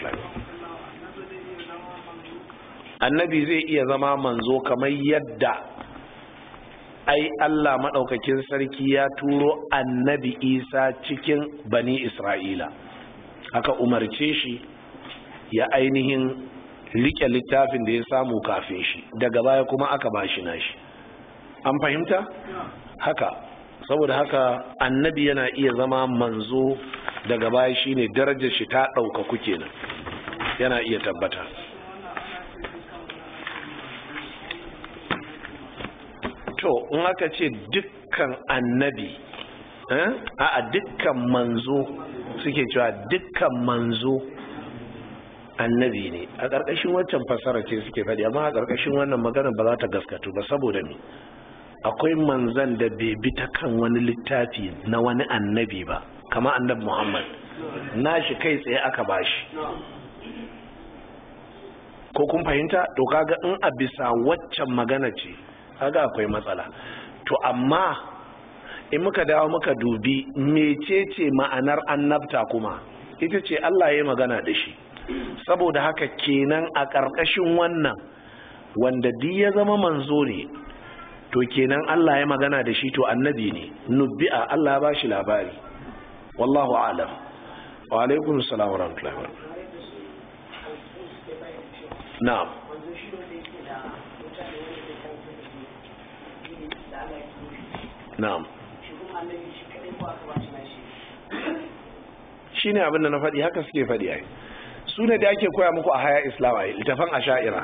[SPEAKER 1] annabi zai iya zama manzo kamar yadda ai Allah maɗaukakin sarki ya turo annabi isa cikin bani isra'ila aka umarce shi ya ainihin rike littafin da ya samu kafin shi daga baya kuma aka ba shi nashi an fahimta haka saboda haka annabi yana iya zama manzo daga baya shine darajar shi ta ɗaukaku kenan yana iya tabbata to in aka ce dukkan annabi eh, a dukkan manzo suke cewa dukkan manzo annabi ne a ƙarƙashin waccan fasara ce suke faɗi amma a ƙarƙashin wannan magana ba za ta gaskatu ba saboda ne akwai manzan da bai bi ta kan wani littafi na wani annabi ba kama annabi muhammad na shi kai tsaye aka ba shi. ko kun fahimta to kaga in a bisa waccan magana ce kaga akwai matsala to amma in muka dawo muka dubi mecece ma'anar annabta kuma ita ce Allah ya magana da shi saboda haka kenan a ƙarƙashin wannan wanda duk ya zama manzo ne to kenan Allah ya magana da shi to annabi ne Nubi'a Allah ba shi labari wallahu alam wa alaikum salam wa wa barakatuh na'am na'am shi abin da na faɗi haka suke faɗi ai su ne da ake koya muku a haya islam a littafan asha'ira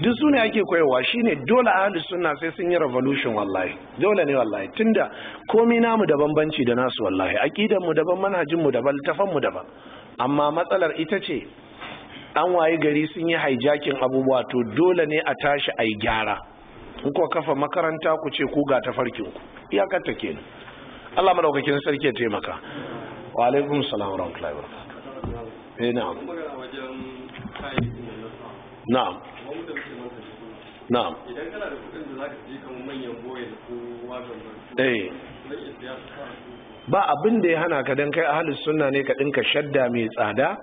[SPEAKER 1] duk su ne ake koyarwa shine dole ahli sunna sai sun yi revolution wallahi dole ne wallahi tunda komi namu da bambanci da nasu wallahi aqidan mu daban manhajin mu daban tafan mu daban amma matsalar ita ce an wayi gari sun yi hijacking abubuwa to dole ne a tashi a yi gyara in ko kafa makaranta ku ce ku ga tafarkin ku iyakar ta kenan Allah madaukakin sarki ya taimaka wa alaikum salam wa rahmatullahi wa
[SPEAKER 2] barakatuh
[SPEAKER 1] eh na'am na'am na'am
[SPEAKER 2] idan kana da kudin da zaka je kamar manyan boye ko wajen eh
[SPEAKER 1] ba abin da ya hana ka dan kai ahli sunna ne ka dinka shadda mai tsada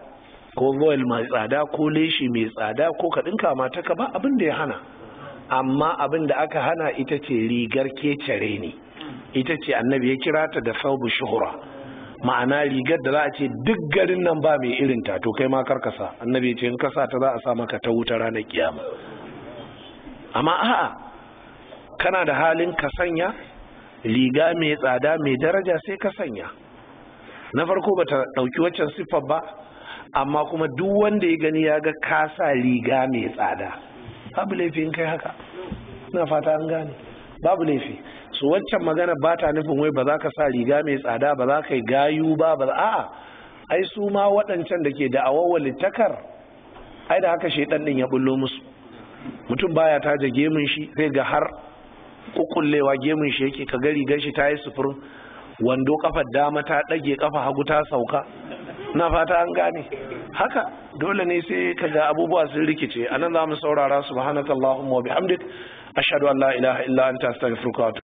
[SPEAKER 1] ko voil mai tsada ko leshi mai tsada ko ka dinka mata ka ba abin da ya hana amma abin da aka hana ita ce rigar kecere ne ita ce annabi ya kira ta da saubu shuhura ma'ana rigar da za a ce duk garin nan ba mai irin ta to kai ma karkasa annabi ya ce in kasa ta za a sa maka ta wuta ranar kiyama amma a'a kana da halin ka sanya riga mai tsada mai daraja sai ka sanya na farko ba ta ɗauki waccan siffar ba amma kuma duk wanda ya gani ya ga ka sa riga mai tsada babu laifi in kai haka ina fata an gane babu laifi su waccan magana ba ta nufin wai ba za ka sa riga mai tsada ba za ka yi gayu ba ba a ai su ma waɗancan da ke da da'awar takar ai da haka shaidan ɗin ya bullo musu mutum baya taje gemun shi sai ga har kukullewa gemun shi yake ka gari gashi ta yi sufurin wando kafar dama ta ɗage ƙafa hagu ta sauka na fata an gane haka dole ne sai ka ga abubuwa sun rikice anan za mu saurara subhanakallahumma wa bihamdik ashhadu an la ilaha illa anta astaghfiruka